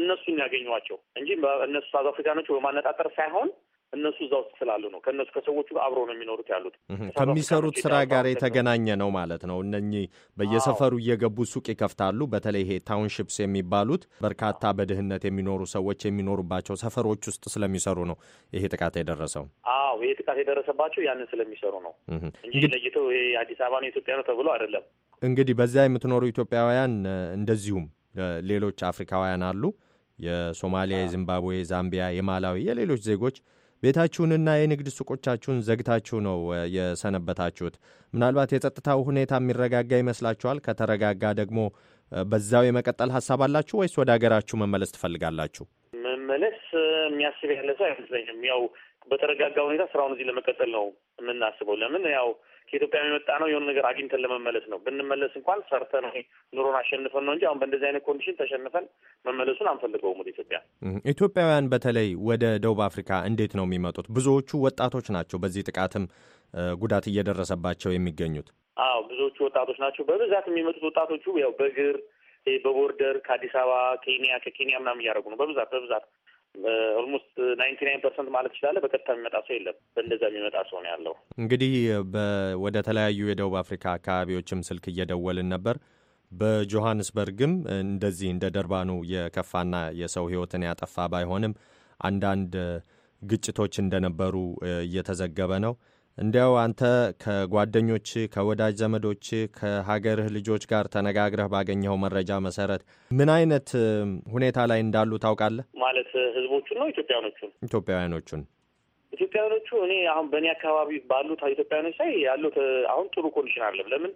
እነሱን ያገኟቸው እንጂ እነሱ ሳውዝ አፍሪካኖች በማነጣጠር ሳይሆን እነሱ እዛ ውስጥ ስላሉ ነው። ከእነሱ ከሰዎቹ ጋር ነው የሚኖሩት ያሉት። ከሚሰሩት ስራ ጋር የተገናኘ ነው ማለት ነው። እነኚህ በየሰፈሩ እየገቡ ሱቅ ይከፍታሉ። በተለይ ይሄ ታውንሽፕስ የሚባሉት በርካታ በድህነት የሚኖሩ ሰዎች የሚኖሩባቸው ሰፈሮች ውስጥ ስለሚሰሩ ነው ይሄ ጥቃት የደረሰው። አዎ ይሄ ጥቃት የደረሰባቸው ያንን ስለሚሰሩ ነው እንጂ ለይተው ይሄ አዲስ አበባ ነው ኢትዮጵያ ነው ተብሎ አይደለም። እንግዲህ በዚያ የምትኖሩ ኢትዮጵያውያን እንደዚሁም ሌሎች አፍሪካውያን አሉ። የሶማሊያ፣ የዚምባብዌ፣ ዛምቢያ፣ የማላዊ፣ የሌሎች ዜጎች ቤታችሁንና የንግድ ሱቆቻችሁን ዘግታችሁ ነው የሰነበታችሁት። ምናልባት የጸጥታው ሁኔታ የሚረጋጋ ይመስላችኋል? ከተረጋጋ ደግሞ በዛው የመቀጠል ሀሳብ አላችሁ ወይስ ወደ ሀገራችሁ መመለስ ትፈልጋላችሁ? መመለስ የሚያስብ ያለ ሰው አይመስለኝም። ያው በተረጋጋ ሁኔታ ስራውን እዚህ ለመቀጠል ነው የምናስበው። ለምን ያው ከኢትዮጵያ የመጣ ነው የሆነ ነገር አግኝተን ለመመለስ ነው። ብንመለስ እንኳን ሰርተን ኑሮን አሸንፈን ነው እንጂ አሁን በእንደዚህ አይነት ኮንዲሽን ተሸንፈን መመለሱን አንፈልገውም። ወደ ኢትዮጵያ ኢትዮጵያውያን በተለይ ወደ ደቡብ አፍሪካ እንዴት ነው የሚመጡት? ብዙዎቹ ወጣቶች ናቸው። በዚህ ጥቃትም ጉዳት እየደረሰባቸው የሚገኙት አዎ፣ ብዙዎቹ ወጣቶች ናቸው። በብዛት የሚመጡት ወጣቶቹ ያው በእግር በቦርደር ከአዲስ አበባ ኬንያ ከኬንያ ምናምን እያደረጉ ነው በብዛት በብዛት ኦልሞስት ናይንቲ ናይን ፐርሰንት ማለት ይችላለ። በቀጥታ የሚመጣ ሰው የለም። በእንደዛ የሚመጣ ሰው ነው ያለው። እንግዲህ ወደ ተለያዩ የደቡብ አፍሪካ አካባቢዎችም ስልክ እየደወልን ነበር። በጆሀንስበርግም እንደዚህ እንደ ደርባኑ የከፋና የሰው ህይወትን ያጠፋ ባይሆንም አንዳንድ ግጭቶች እንደነበሩ እየተዘገበ ነው። እንዲያው አንተ ከጓደኞች ከወዳጅ ዘመዶች ከሀገርህ ልጆች ጋር ተነጋግረህ ባገኘኸው መረጃ መሰረት ምን አይነት ሁኔታ ላይ እንዳሉ ታውቃለህ? ማለት ህዝቦቹን ነው ኢትዮጵያኖቹን? ኢትዮጵያውያኖቹን ኢትዮጵያኖቹ እኔ አሁን በእኔ አካባቢ ባሉት ኢትዮጵያኖች ላይ ያሉት አሁን ጥሩ ኮንዲሽን አለም። ለምን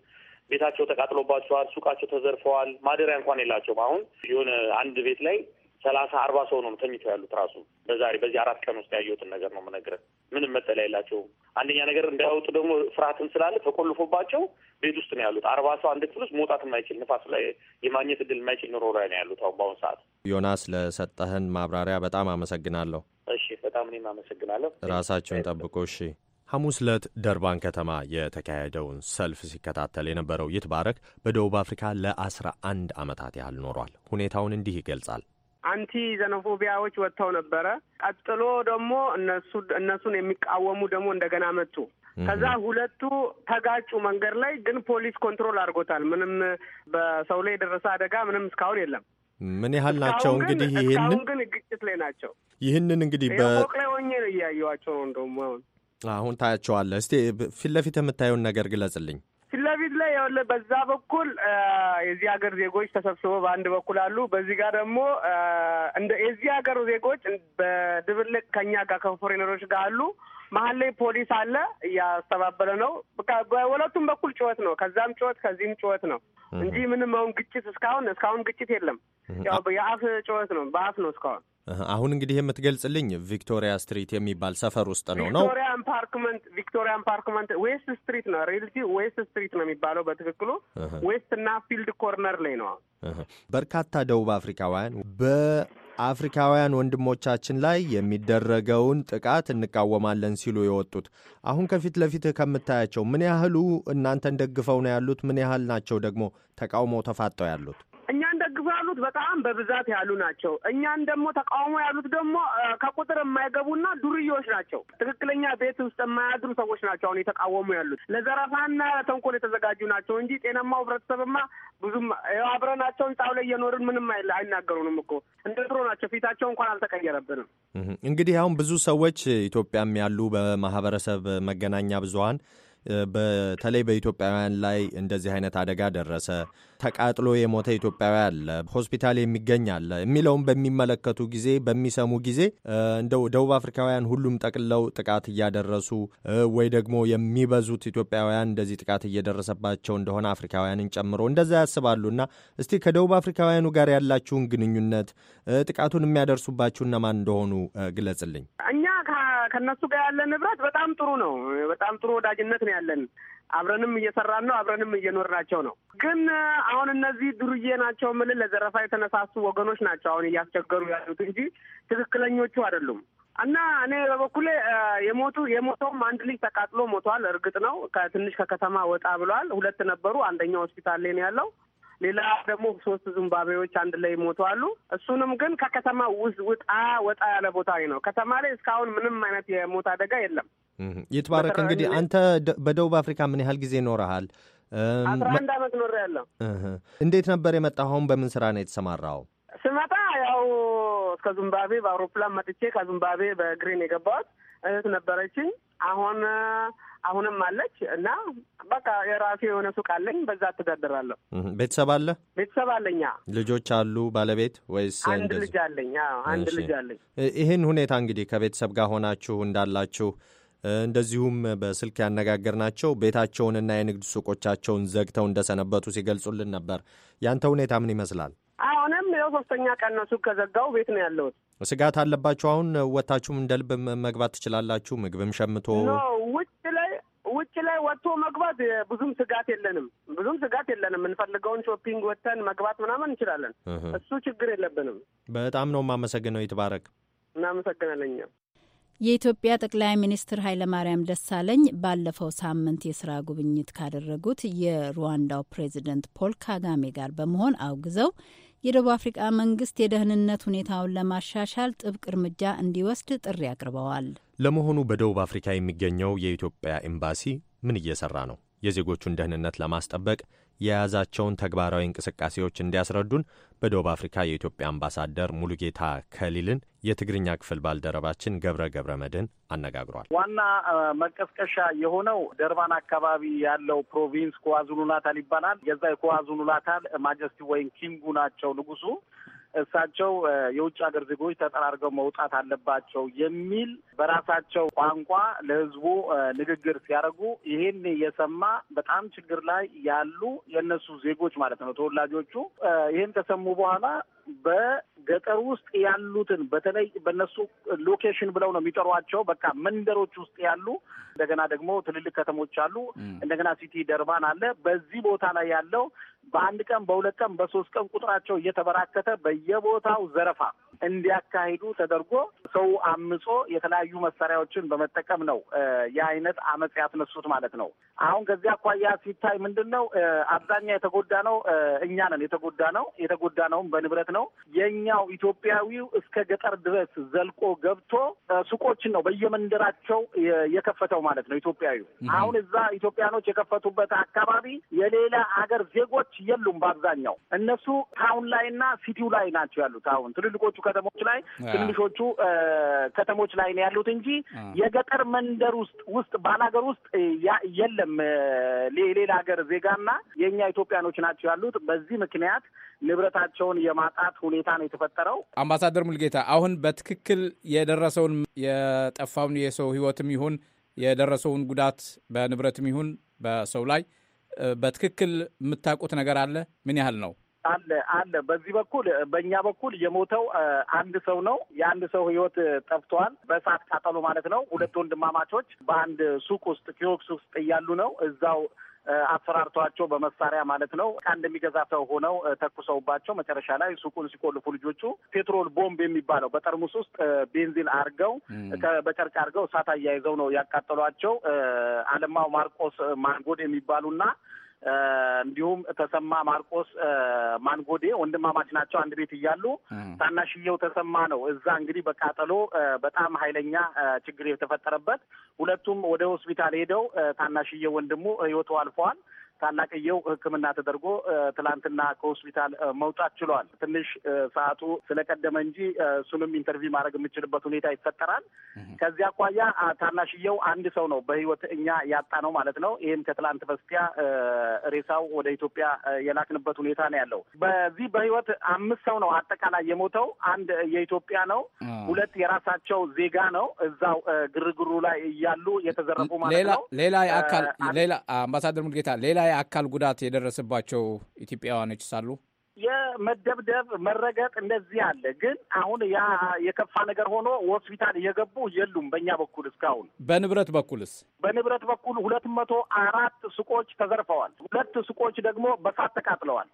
ቤታቸው ተቃጥሎባቸዋል፣ ሱቃቸው ተዘርፈዋል፣ ማደሪያ እንኳን የላቸውም። አሁን የሆነ አንድ ቤት ላይ ሰላሳ አርባ ሰው ነው ተኝተው ያሉት። ራሱ በዛሬ በዚህ አራት ቀን ውስጥ ያየሁትን ነገር ነው የምነግርህ። ምንም መጠለያ የላቸውም። አንደኛ ነገር እንዳያወጡ ደግሞ ፍርሃትም ስላለ ተቆልፎባቸው ቤት ውስጥ ነው ያሉት። አርባ ሰው አንድ ክፍል ውስጥ መውጣት የማይችል ንፋስ ላይ የማግኘት እድል የማይችል ኑሮ ላይ ነው ያሉት አሁን በአሁኑ ሰዓት። ዮናስ ለሰጠህን ማብራሪያ በጣም አመሰግናለሁ። እሺ፣ በጣም እኔም አመሰግናለሁ። ራሳቸውን ጠብቆ እሺ። ሐሙስ ዕለት ደርባን ከተማ የተካሄደውን ሰልፍ ሲከታተል የነበረው ይትባረክ በደቡብ አፍሪካ ለአስራ አንድ ዓመታት ያህል ኖሯል። ሁኔታውን እንዲህ ይገልጻል። አንቲ ዘኖፎቢያዎች ወጥተው ነበረ። ቀጥሎ ደግሞ እነሱ እነሱን የሚቃወሙ ደግሞ እንደገና መጡ። ከዛ ሁለቱ ተጋጩ መንገድ ላይ ግን ፖሊስ ኮንትሮል አድርጎታል። ምንም በሰው ላይ የደረሰ አደጋ ምንም እስካሁን የለም። ምን ያህል ናቸው እንግዲህ ይህንን ግን ግጭት ላይ ናቸው። ይህንን እንግዲህ ፎቅ ላይ ሆኜ ነው እያየኋቸው ነው። እንደውም አሁን አሁን ታያቸዋለህ። እስቲ ፊት ለፊት የምታየውን ነገር ግለጽልኝ። ፊት ለፊት ላይ ያለ በዛ በኩል የዚህ ሀገር ዜጎች ተሰብስበው በአንድ በኩል አሉ። በዚህ ጋር ደግሞ እንደ የዚህ ሀገር ዜጎች በድብልቅ ከኛ ጋር ከፎሬነሮች ጋር አሉ። መሀል ላይ ፖሊስ አለ እያስተባበለ ነው። በሁለቱም በኩል ጩኸት ነው። ከዛም ጩኸት ከዚህም ጩኸት ነው እንጂ ምንም አሁን ግጭት እስካሁን እስካሁን ግጭት የለም። ያው የአፍ ጩኸት ነው። በአፍ ነው እስካሁን አሁን እንግዲህ የምትገልጽልኝ ቪክቶሪያ ስትሪት የሚባል ሰፈር ውስጥ ነው ነው ቪክቶሪያ ፓርክመንት ፓርክመንት ዌስት ስትሪት ነው ሪልቲ ዌስት ስትሪት ነው የሚባለው በትክክሉ ዌስት እና ፊልድ ኮርነር ላይ ነው። በርካታ ደቡብ አፍሪካውያን በአፍሪካውያን ወንድሞቻችን ላይ የሚደረገውን ጥቃት እንቃወማለን ሲሉ የወጡት አሁን ከፊት ለፊትህ ከምታያቸው ምን ያህሉ እናንተን ደግፈው ነው ያሉት? ምን ያህል ናቸው ደግሞ ተቃውሞ ተፋጠው ያሉት? እኛን ደግፈው ያሉት በጣም በብዛት ያሉ ናቸው። እኛን ደግሞ ተቃውሞ ያሉት ደግሞ ከቁጥር የማይገቡና ዱርዮች ናቸው። ትክክለኛ ቤት ውስጥ የማያድሩ ሰዎች ናቸው። አሁን የተቃወሙ ያሉት ለዘረፋና ተንኮል የተዘጋጁ ናቸው እንጂ ጤናማው ህብረተሰብማ ብዙም አብረናቸው ጣው ላይ እየኖርን ምንም አይናገሩንም እኮ እንደ ድሮ ናቸው። ፊታቸው እንኳን አልተቀየረብንም። እንግዲህ አሁን ብዙ ሰዎች ኢትዮጵያም ያሉ በማህበረሰብ መገናኛ ብዙሀን በተለይ በኢትዮጵያውያን ላይ እንደዚህ አይነት አደጋ ደረሰ ተቃጥሎ የሞተ ኢትዮጵያዊ አለ፣ ሆስፒታል የሚገኝ አለ የሚለውን በሚመለከቱ ጊዜ በሚሰሙ ጊዜ እንደው ደቡብ አፍሪካውያን ሁሉም ጠቅለው ጥቃት እያደረሱ ወይ ደግሞ የሚበዙት ኢትዮጵያውያን እንደዚህ ጥቃት እየደረሰባቸው እንደሆነ አፍሪካውያንን ጨምሮ እንደዛ ያስባሉ እና እስቲ ከደቡብ አፍሪካውያኑ ጋር ያላችሁን ግንኙነት ጥቃቱን የሚያደርሱባችሁ እነማን እንደሆኑ ግለጽልኝ። እኛ ከነሱ ጋር ያለን ንብረት በጣም ጥሩ ነው። በጣም ጥሩ ወዳጅነት ነው ያለን አብረንም እየሰራን ነው፣ አብረንም እየኖርናቸው ነው። ግን አሁን እነዚህ ዱርዬ ናቸው ምል ለዘረፋ የተነሳሱ ወገኖች ናቸው አሁን እያስቸገሩ ያሉት እንጂ ትክክለኞቹ አይደሉም። እና እኔ በበኩሌ የሞቱ የሞተውም አንድ ልጅ ተቃጥሎ ሞቷል። እርግጥ ነው ከትንሽ ከከተማ ወጣ ብሏል። ሁለት ነበሩ። አንደኛው ሆስፒታል ላይ ነው ያለው። ሌላ ደግሞ ሶስት ዙምባቤዎች አንድ ላይ አሉ። እሱንም ግን ከከተማ ውስጥ ውጣ ወጣ ያለ ቦታ ነው። ከተማ ላይ እስካሁን ምንም አይነት የሞት አደጋ የለም። ይትባረክ። እንግዲህ አንተ በደቡብ አፍሪካ ምን ያህል ጊዜ ኖረሃል? አስራ አንድ አመት ኖሬ ያለው። እንዴት ነበር የመጣኸውን? በምን ስራ ነው የተሰማራው? ስመጣ ከዛው ከዙምባቤ በአውሮፕላን መጥቼ ከዙምባቤ በግሪን የገባሁት እህት ነበረችኝ። አሁን አሁንም አለች እና በቃ የራሴ የሆነ ሱቅ አለኝ። በዛ አተዳደራለሁ። ቤተሰብ አለ ቤተሰብ አለኛ። ልጆች አሉ ባለቤት ወይስ? አንድ ልጅ አለኝ። አንድ ልጅ አለኝ። ይህን ሁኔታ እንግዲህ ከቤተሰብ ጋር ሆናችሁ እንዳላችሁ እንደዚሁም በስልክ ያነጋገርናቸው ቤታቸውንና የንግድ ሱቆቻቸውን ዘግተው እንደሰነበቱ ሲገልጹልን ነበር። ያንተ ሁኔታ ምን ይመስላል? አሁን ይኸው ሶስተኛ ቀን ነው። ሱቅ ከዘጋው ቤት ነው ያለሁት። ስጋት አለባችሁ? አሁን ወታችሁም እንደ ልብ መግባት ትችላላችሁ? ምግብም ሸምቶ ውጭ ላይ ውጭ ላይ ወጥቶ መግባት ብዙም ስጋት የለንም። ብዙም ስጋት የለንም። የምንፈልገውን ሾፒንግ ወጥተን መግባት ምናምን እንችላለን። እሱ ችግር የለብንም። በጣም ነው የማመሰግነው። ይትባረክ። እናመሰግናለኝ። የኢትዮጵያ ጠቅላይ ሚኒስትር ኃይለማርያም ደሳለኝ ባለፈው ሳምንት የስራ ጉብኝት ካደረጉት የሩዋንዳው ፕሬዚደንት ፖል ካጋሜ ጋር በመሆን አውግዘው የደቡብ አፍሪቃ መንግስት የደህንነት ሁኔታውን ለማሻሻል ጥብቅ እርምጃ እንዲወስድ ጥሪ አቅርበዋል። ለመሆኑ በደቡብ አፍሪካ የሚገኘው የኢትዮጵያ ኤምባሲ ምን እየሰራ ነው? የዜጎቹን ደህንነት ለማስጠበቅ የያዛቸውን ተግባራዊ እንቅስቃሴዎች እንዲያስረዱን በደቡብ አፍሪካ የኢትዮጵያ አምባሳደር ሙሉጌታ ከሊልን የትግርኛ ክፍል ባልደረባችን ገብረ ገብረ መድህን አነጋግሯል። ዋና መቀስቀሻ የሆነው ደርባን አካባቢ ያለው ፕሮቪንስ ኮዋዙሉ ናታል ይባላል። የዛ የኮዋዙሉ ናታል ማጀስቲ ወይም ኪንጉ ናቸው ንጉሱ እሳቸው የውጭ ሀገር ዜጎች ተጠራርገው መውጣት አለባቸው የሚል በራሳቸው ቋንቋ ለህዝቡ ንግግር ሲያደርጉ ይሄን የሰማ በጣም ችግር ላይ ያሉ የእነሱ ዜጎች ማለት ነው ተወላጆቹ ይህን ከሰሙ በኋላ በገጠር ውስጥ ያሉትን በተለይ በእነሱ ሎኬሽን ብለው ነው የሚጠሯቸው። በቃ መንደሮች ውስጥ ያሉ እንደገና ደግሞ ትልልቅ ከተሞች አሉ። እንደገና ሲቲ ደርባን አለ። በዚህ ቦታ ላይ ያለው በአንድ ቀን፣ በሁለት ቀን፣ በሶስት ቀን ቁጥራቸው እየተበራከተ በየቦታው ዘረፋ እንዲያካሂዱ ተደርጎ ሰው አምጾ የተለያዩ መሳሪያዎችን በመጠቀም ነው የአይነት አመፅ ያስነሱት ማለት ነው። አሁን ከዚህ አኳያ ሲታይ ምንድን ነው አብዛኛ የተጎዳ ነው እኛ ነን የተጎዳ ነው። የተጎዳ ነውም በንብረት ነው። የኛው ኢትዮጵያዊው እስከ ገጠር ድረስ ዘልቆ ገብቶ ሱቆችን ነው በየመንደራቸው የከፈተው ማለት ነው። ኢትዮጵያዊው አሁን እዛ ኢትዮጵያኖች የከፈቱበት አካባቢ የሌላ አገር ዜጎች የሉም። በአብዛኛው እነሱ ታውን ላይና ሲቲው ላይ ናቸው ያሉት አሁን ትልልቆቹ ከተሞች ላይ ትንሾቹ ከተሞች ላይ ነው ያሉት እንጂ የገጠር መንደር ውስጥ ውስጥ ባላገር ውስጥ የለም። የሌላ ሀገር ዜጋና የእኛ ኢትዮጵያኖች ናቸው ያሉት። በዚህ ምክንያት ንብረታቸውን የማጣት ሁኔታ ነው የተፈጠረው። አምባሳደር ሙልጌታ አሁን በትክክል የደረሰውን የጠፋውን የሰው ህይወትም ይሁን የደረሰውን ጉዳት በንብረትም ይሁን በሰው ላይ በትክክል የምታውቁት ነገር አለ? ምን ያህል ነው? አለ አለ። በዚህ በኩል በእኛ በኩል የሞተው አንድ ሰው ነው። የአንድ ሰው ህይወት ጠፍቷል፣ በእሳት ቃጠሎ ማለት ነው። ሁለት ወንድማማቾች በአንድ ሱቅ ውስጥ ኪዮስክ ውስጥ እያሉ ነው እዛው አሰራርቷቸው በመሳሪያ ማለት ነው ዕቃ እንደሚገዛ ሰው ሆነው ተኩሰውባቸው መጨረሻ ላይ ሱቁን ሲቆልፉ ልጆቹ ፔትሮል ቦምብ የሚባለው በጠርሙስ ውስጥ ቤንዚን አርገው በጨርቅ አርገው እሳት አያይዘው ነው ያቃጠሏቸው። አለማው ማርቆስ ማንጎድ የሚባሉና እንዲሁም ተሰማ ማርቆስ ማንጎዴ ወንድማማች ናቸው። አንድ ቤት እያሉ ታናሽየው ተሰማ ነው። እዛ እንግዲህ በቃጠሎ በጣም ኃይለኛ ችግር የተፈጠረበት ሁለቱም ወደ ሆስፒታል ሄደው ታናሽየው ወንድሙ ህይወቱ አልፈዋል። ታላቅየው ሕክምና ተደርጎ ትላንትና ከሆስፒታል መውጣት ችሏል። ትንሽ ሰዓቱ ስለቀደመ እንጂ እሱንም ኢንተርቪው ማድረግ የምችልበት ሁኔታ ይፈጠራል። ከዚህ አኳያ ታናሽየው አንድ ሰው ነው በህይወት እኛ ያጣ ነው ማለት ነው። ይህም ከትላንት በስቲያ ሬሳው ወደ ኢትዮጵያ የላክንበት ሁኔታ ነው ያለው። በዚህ በህይወት አምስት ሰው ነው አጠቃላይ የሞተው። አንድ የኢትዮጵያ ነው፣ ሁለት የራሳቸው ዜጋ ነው እዛው ግርግሩ ላይ እያሉ የተዘረፉ ማለት ነው። ሌላ አካል ሌላ አምባሳደር ሙድጌታ ሌላ የአካል ጉዳት የደረሰባቸው ኢትዮጵያውያኖች ሳሉ የመደብደብ መረገጥ እንደዚህ አለ። ግን አሁን ያ የከፋ ነገር ሆኖ ሆስፒታል እየገቡ የሉም። በእኛ በኩል እስካሁን በንብረት በኩልስ በንብረት በኩል ሁለት መቶ አራት ሱቆች ተዘርፈዋል። ሁለት ሱቆች ደግሞ በሳት ተቃጥለዋል።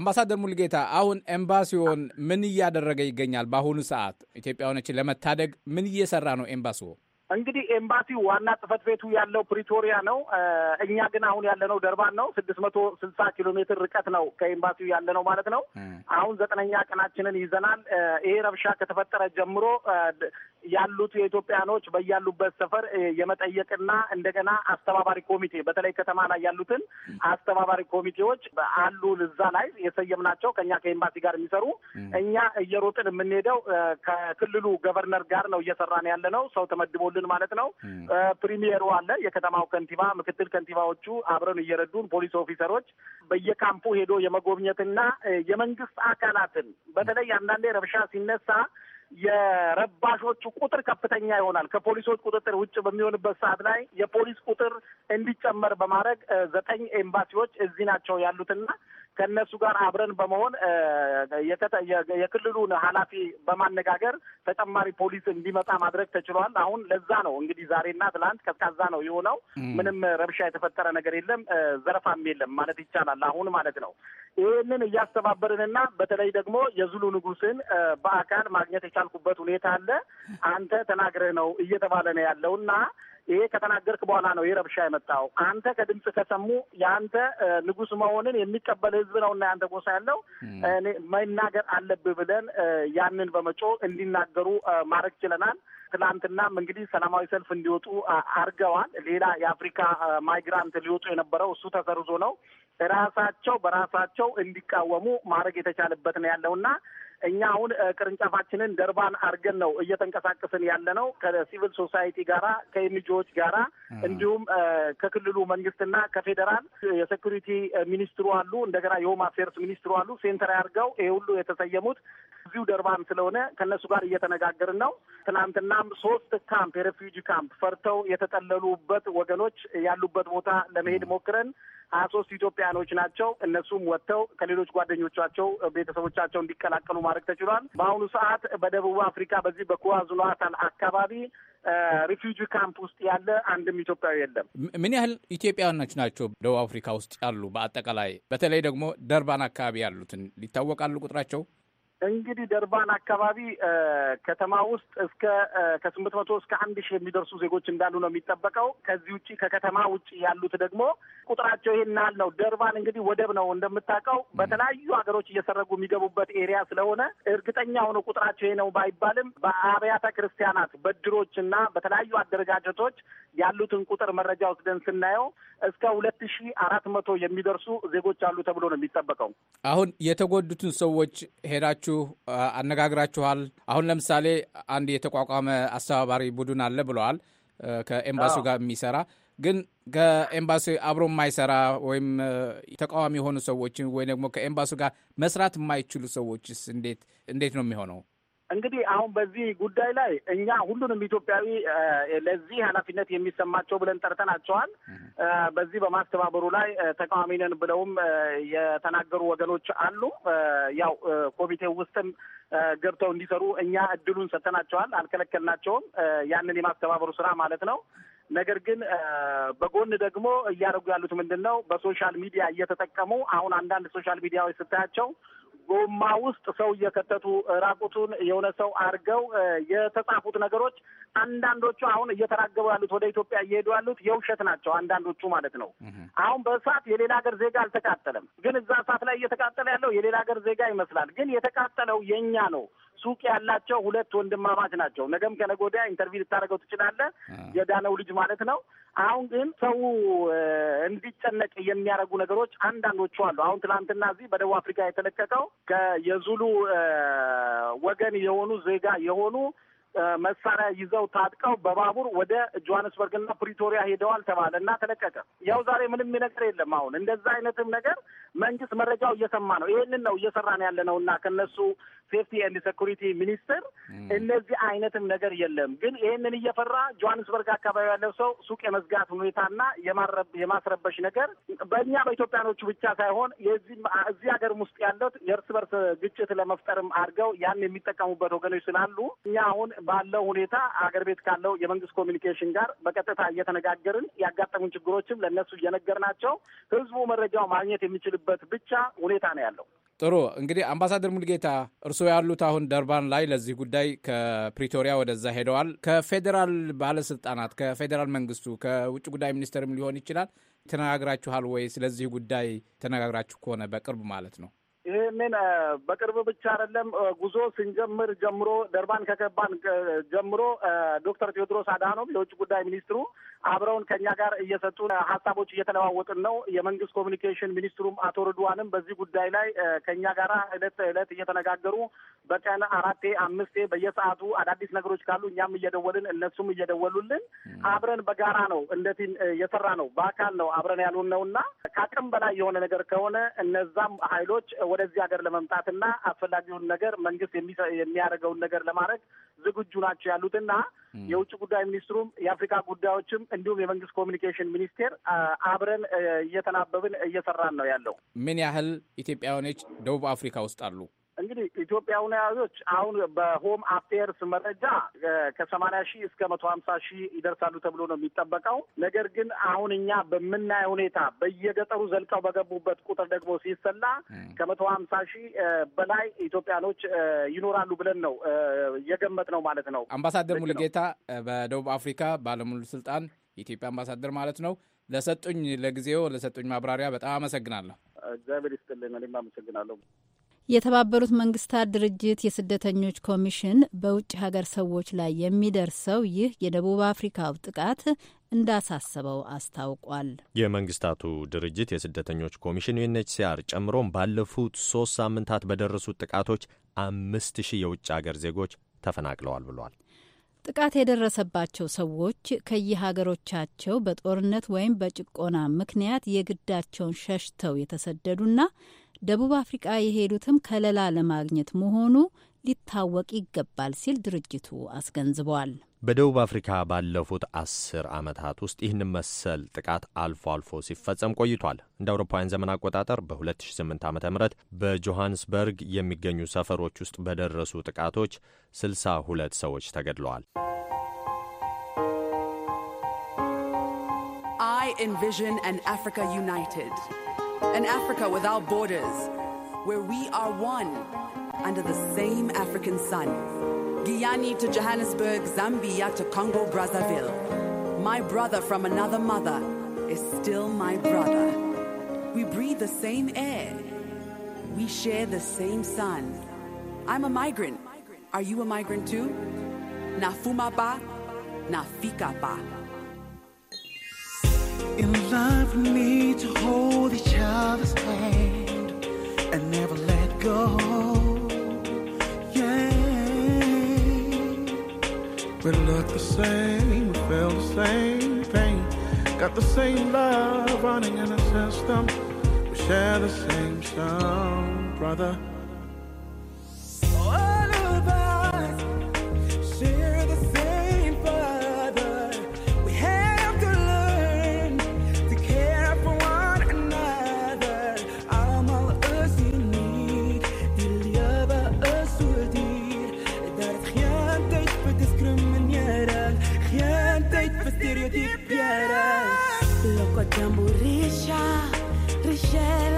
አምባሳደር ሙልጌታ አሁን ኤምባሲዮን ምን እያደረገ ይገኛል? በአሁኑ ሰዓት ኢትዮጵያውያኖችን ለመታደግ ምን እየሰራ ነው ኤምባሲው? እንግዲህ ኤምባሲው ዋና ጽህፈት ቤቱ ያለው ፕሪቶሪያ ነው። እኛ ግን አሁን ያለነው ደርባን ነው። ስድስት መቶ ስልሳ ኪሎ ሜትር ርቀት ነው ከኤምባሲው ያለነው ማለት ነው። አሁን ዘጠነኛ ቀናችንን ይዘናል። ይሄ ረብሻ ከተፈጠረ ጀምሮ ያሉት የኢትዮጵያኖች በያሉበት ሰፈር የመጠየቅና እንደገና አስተባባሪ ኮሚቴ በተለይ ከተማ ላይ ያሉትን አስተባባሪ ኮሚቴዎች አሉ። እዛ ላይ የሰየምናቸው ከኛ ከኤምባሲ ጋር የሚሰሩ እኛ እየሮጥን የምንሄደው ከክልሉ ገቨርነር ጋር ነው እየሰራን ያለ ነው። ሰው ተመድቦልን ማለት ነው። ፕሪሚየሩ አለ፣ የከተማው ከንቲባ፣ ምክትል ከንቲባዎቹ አብረን እየረዱን ፖሊስ ኦፊሰሮች በየካምፑ ሄዶ የመጎብኘትና የመንግስት አካላትን በተለይ አንዳንዴ ረብሻ ሲነሳ የረባሾቹ ቁጥር ከፍተኛ ይሆናል። ከፖሊሶች ቁጥጥር ውጭ በሚሆንበት ሰዓት ላይ የፖሊስ ቁጥር እንዲጨመር በማድረግ ዘጠኝ ኤምባሲዎች እዚህ ናቸው ያሉትና ከእነሱ ጋር አብረን በመሆን የክልሉን ኃላፊ በማነጋገር ተጨማሪ ፖሊስ እንዲመጣ ማድረግ ተችሏል። አሁን ለዛ ነው እንግዲህ ዛሬና ትላንት ቀዝቃዛ ነው የሆነው። ምንም ረብሻ የተፈጠረ ነገር የለም፣ ዘረፋም የለም ማለት ይቻላል አሁን ማለት ነው። ይህንን እያስተባበርንና በተለይ ደግሞ የዙሉ ንጉስን በአካል ማግኘት የቻልኩበት ሁኔታ አለ። አንተ ተናግረህ ነው እየተባለ ነው ያለውና ይሄ ከተናገርክ በኋላ ነው ይህ ረብሻ የመጣው። አንተ ከድምፅ ከሰሙ የአንተ ንጉስ መሆንን የሚቀበል ህዝብ ነው እና ያንተ ጎሳ ያለው መናገር አለብህ ብለን ያንን በመጮ እንዲናገሩ ማድረግ ችለናል። ትናንትናም እንግዲህ ሰላማዊ ሰልፍ እንዲወጡ አድርገዋል። ሌላ የአፍሪካ ማይግራንት ሊወጡ የነበረው እሱ ተሰርዞ ነው። ራሳቸው በራሳቸው እንዲቃወሙ ማድረግ የተቻለበት ነው ያለውና እኛ አሁን ቅርንጫፋችንን ደርባን አድርገን ነው እየተንቀሳቀስን ያለ ነው ከሲቪል ሶሳይቲ ጋራ ከኤንጂኦዎች ጋራ እንዲሁም ከክልሉ መንግስትና ከፌዴራል የሴኩሪቲ ሚኒስትሩ አሉ፣ እንደገና የሆም አፌርስ ሚኒስትሩ አሉ። ሴንተር ያድርገው ይሄ ሁሉ የተሰየሙት እዚሁ ደርባን ስለሆነ ከእነሱ ጋር እየተነጋገርን ነው። ትናንትናም ሶስት ካምፕ የሬፊጂ ካምፕ ፈርተው የተጠለሉበት ወገኖች ያሉበት ቦታ ለመሄድ ሞክረን ሀያ ሶስት ኢትዮጵያኖች ናቸው። እነሱም ወጥተው ከሌሎች ጓደኞቻቸው ቤተሰቦቻቸው እንዲቀላቀሉ ማድረግ ተችሏል። በአሁኑ ሰዓት በደቡብ አፍሪካ በዚህ በኩዋዙሉ ናታል አካባቢ ሪፊጂ ካምፕ ውስጥ ያለ አንድም ኢትዮጵያዊ የለም። ምን ያህል ኢትዮጵያውያኖች ናቸው ደቡብ አፍሪካ ውስጥ ያሉ? በአጠቃላይ በተለይ ደግሞ ደርባን አካባቢ ያሉትን ይታወቃሉ ቁጥራቸው? እንግዲህ ደርባን አካባቢ ከተማ ውስጥ እስከ ከስምንት መቶ እስከ አንድ ሺህ የሚደርሱ ዜጎች እንዳሉ ነው የሚጠበቀው። ከዚህ ውጭ ከከተማ ውጭ ያሉት ደግሞ ቁጥራቸው ይህን ያህል ነው። ደርባን እንግዲህ ወደብ ነው እንደምታውቀው፣ በተለያዩ ሀገሮች እየሰረጉ የሚገቡበት ኤሪያ ስለሆነ እርግጠኛ ሆኖ ቁጥራቸው ይሄ ነው ባይባልም በአብያተ ክርስቲያናት በድሮች እና በተለያዩ አደረጃጀቶች ያሉትን ቁጥር መረጃ ወስደን ስናየው እስከ ሁለት ሺህ አራት መቶ የሚደርሱ ዜጎች አሉ ተብሎ ነው የሚጠበቀው። አሁን የተጎዱትን ሰዎች ሄዳችሁ ሄዳችሁ አነጋግራችኋል? አሁን ለምሳሌ አንድ የተቋቋመ አስተባባሪ ቡድን አለ ብለዋል፣ ከኤምባሲው ጋር የሚሰራ ግን ከኤምባሲ አብሮ የማይሰራ ወይም ተቃዋሚ የሆኑ ሰዎችን ወይ ደግሞ ከኤምባሲው ጋር መስራት የማይችሉ ሰዎችስ እንዴት ነው የሚሆነው? እንግዲህ አሁን በዚህ ጉዳይ ላይ እኛ ሁሉንም ኢትዮጵያዊ ለዚህ ኃላፊነት የሚሰማቸው ብለን ጠርተናቸዋል። በዚህ በማስተባበሩ ላይ ተቃዋሚ ነን ብለውም የተናገሩ ወገኖች አሉ። ያው ኮሚቴ ውስጥም ገብተው እንዲሰሩ እኛ እድሉን ሰጥተናቸዋል፣ አልከለከልናቸውም። ያንን የማስተባበሩ ስራ ማለት ነው። ነገር ግን በጎን ደግሞ እያደረጉ ያሉት ምንድን ነው? በሶሻል ሚዲያ እየተጠቀሙ አሁን አንዳንድ ሶሻል ሚዲያዎች ስታያቸው ጎማ ውስጥ ሰው እየከተቱ ራቁቱን የሆነ ሰው አድርገው የተጻፉት ነገሮች አንዳንዶቹ አሁን እየተራገቡ ያሉት ወደ ኢትዮጵያ እየሄዱ ያሉት የውሸት ናቸው። አንዳንዶቹ ማለት ነው። አሁን በእሳት የሌላ ሀገር ዜጋ አልተቃጠለም፣ ግን እዛ እሳት ላይ እየተቃጠለ ያለው የሌላ ሀገር ዜጋ ይመስላል። ግን የተቃጠለው የእኛ ነው። ሱቅ ያላቸው ሁለት ወንድማማች ናቸው። ነገም ከነገ ወዲያ ኢንተርቪው ልታደርገው ትችላለህ። የዳነው ልጅ ማለት ነው። አሁን ግን ሰው እንዲጨነቅ የሚያደርጉ ነገሮች አንዳንዶቹ አሉ። አሁን ትናንትና እዚህ በደቡብ አፍሪካ የተለቀቀው የዙሉ ወገን የሆኑ ዜጋ የሆኑ መሳሪያ ይዘው ታጥቀው በባቡር ወደ ጆሀንስበርግና ፕሪቶሪያ ሄደዋል ተባለ እና ተለቀቀ። ያው ዛሬ ምንም ነገር የለም። አሁን እንደዛ አይነትም ነገር መንግስት መረጃው እየሰማ ነው። ይህንን ነው እየሰራን ያለ ነው እና ከነሱ ሴፍቲ ኤንድ ሴኩሪቲ ሚኒስትር እነዚህ አይነትም ነገር የለም። ግን ይህንን እየፈራ ጆሀንስበርግ አካባቢ ያለው ሰው ሱቅ የመዝጋት ሁኔታና የማስረበሽ ነገር በእኛ በኢትዮጵያኖቹ ብቻ ሳይሆን እዚህ ሀገር ውስጥ ያለት የእርስ በርስ ግጭት ለመፍጠርም አድርገው ያን የሚጠቀሙበት ወገኖች ስላሉ እኛ አሁን ባለው ሁኔታ አገር ቤት ካለው የመንግስት ኮሚኒኬሽን ጋር በቀጥታ እየተነጋገርን ያጋጠሙን ችግሮችም ለእነሱ እየነገርናቸው ህዝቡ መረጃው ማግኘት የሚችልበት ብቻ ሁኔታ ነው ያለው። ጥሩ እንግዲህ አምባሳደር ሙልጌታ እርስዎ ያሉት አሁን ደርባን ላይ ለዚህ ጉዳይ ከፕሪቶሪያ ወደዛ ሄደዋል። ከፌዴራል ባለስልጣናት፣ ከፌዴራል መንግስቱ፣ ከውጭ ጉዳይ ሚኒስቴርም ሊሆን ይችላል ተነጋግራችኋል ወይ? ስለዚህ ጉዳይ ተነጋግራችሁ ከሆነ በቅርብ ማለት ነው ይህንን በቅርብ ብቻ አይደለም ጉዞ ስንጀምር ጀምሮ ደርባን ከገባን ጀምሮ ዶክተር ቴዎድሮስ አድሃኖም የውጭ ጉዳይ ሚኒስትሩ አብረውን ከኛ ጋር እየሰጡ ሀሳቦች እየተለዋወጥን ነው። የመንግስት ኮሚኒኬሽን ሚኒስትሩም አቶ ርድዋንም በዚህ ጉዳይ ላይ ከኛ ጋራ እለት እለት እየተነጋገሩ በቀን አራቴ አምስቴ በየሰዓቱ አዳዲስ ነገሮች ካሉ እኛም እየደወልን እነሱም እየደወሉልን አብረን በጋራ ነው እንደዚህ የሰራ ነው። በአካል ነው አብረን ያሉን ነው እና ከአቅም በላይ የሆነ ነገር ከሆነ እነዛም ኃይሎች ወደዚህ ሀገር ለመምጣትና አስፈላጊውን ነገር መንግስት የሚያደርገውን ነገር ለማድረግ ዝግጁ ናቸው ያሉትና የውጭ ጉዳይ ሚኒስትሩም የአፍሪካ ጉዳዮችም እንዲሁም የመንግስት ኮሚኒኬሽን ሚኒስቴር አብረን እየተናበብን እየሰራን ነው ያለው። ምን ያህል ኢትዮጵያውያኖች ደቡብ አፍሪካ ውስጥ አሉ? እንግዲህ ኢትዮጵያውያኖች አሁን በሆም አፌርስ መረጃ ከሰማንያ ሺህ እስከ መቶ ሀምሳ ሺህ ይደርሳሉ ተብሎ ነው የሚጠበቀው። ነገር ግን አሁን እኛ በምናየው ሁኔታ በየገጠሩ ዘልቀው በገቡበት ቁጥር ደግሞ ሲሰላ ከመቶ ሀምሳ ሺህ በላይ ኢትዮጵያኖች ይኖራሉ ብለን ነው የገመት ነው ማለት ነው። አምባሳደር ሙሉጌታ በደቡብ አፍሪካ ባለሙሉ ስልጣን የኢትዮጵያ አምባሳደር ማለት ነው። ለሰጡኝ ለጊዜው ለሰጡኝ ማብራሪያ በጣም አመሰግናለሁ። እግዚአብሔር ይስጥልኝ። እኔም አመሰግናለሁ። የተባበሩት መንግስታት ድርጅት የስደተኞች ኮሚሽን በውጭ ሀገር ሰዎች ላይ የሚደርሰው ይህ የደቡብ አፍሪካው ጥቃት እንዳሳሰበው አስታውቋል። የመንግስታቱ ድርጅት የስደተኞች ኮሚሽን ዩኤንኤችሲአር ጨምሮም ባለፉት ሶስት ሳምንታት በደረሱት ጥቃቶች አምስት ሺህ የውጭ ሀገር ዜጎች ተፈናቅለዋል ብሏል። ጥቃት የደረሰባቸው ሰዎች ከየሀገሮቻቸው በጦርነት ወይም በጭቆና ምክንያት የግዳቸውን ሸሽተው የተሰደዱና ደቡብ አፍሪቃ የሄዱትም ከለላ ለማግኘት መሆኑ ሊታወቅ ይገባል ሲል ድርጅቱ አስገንዝበዋል። በደቡብ አፍሪካ ባለፉት አስር ዓመታት ውስጥ ይህን መሰል ጥቃት አልፎ አልፎ ሲፈጸም ቆይቷል። እንደ አውሮፓውያን ዘመን አቆጣጠር በ2008 ዓ ም በጆሃንስበርግ የሚገኙ ሰፈሮች ውስጥ በደረሱ ጥቃቶች 62 ሰዎች ተገድለዋል። I envision an Africa united, an Africa without borders, where we are one. under the same African sun. Guyana to Johannesburg, Zambia to Congo, Brazzaville. My brother from another mother is still my brother. We breathe the same air. We share the same sun. I'm a migrant. Are you a migrant too? ba, nafika ba. In life, we need to hold each other's hand and never let go. We look the same, we feel the same pain. Got the same love running in our system. We share the same sound, brother. kutambulisha rishela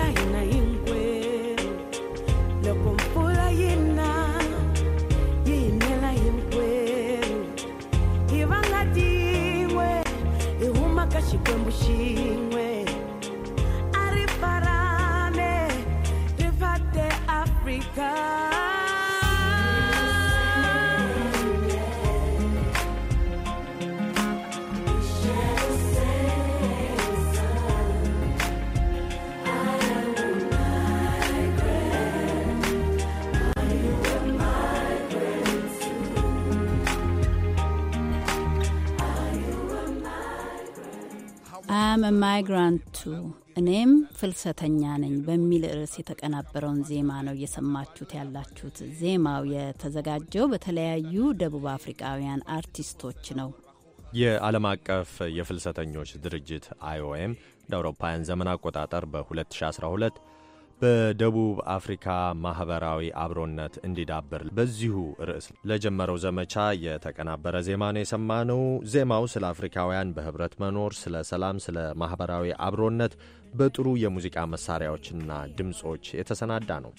ማይግራንቱ እኔም ፍልሰተኛ ነኝ በሚል ርዕስ የተቀናበረውን ዜማ ነው እየሰማችሁት ያላችሁት። ዜማው የተዘጋጀው በተለያዩ ደቡብ አፍሪካውያን አርቲስቶች ነው። የዓለም አቀፍ የፍልሰተኞች ድርጅት አይኦኤም እንደ አውሮፓውያን ዘመን አቆጣጠር በ2012 በደቡብ አፍሪካ ማኅበራዊ አብሮነት እንዲዳብር በዚሁ ርዕስ ለጀመረው ዘመቻ የተቀናበረ ዜማ ነው የሰማነው። ዜማው ስለ አፍሪካውያን በህብረት መኖር፣ ስለ ሰላም፣ ስለ ማኅበራዊ አብሮነት በጥሩ የሙዚቃ መሳሪያዎችና ድምፆች የተሰናዳ ነው።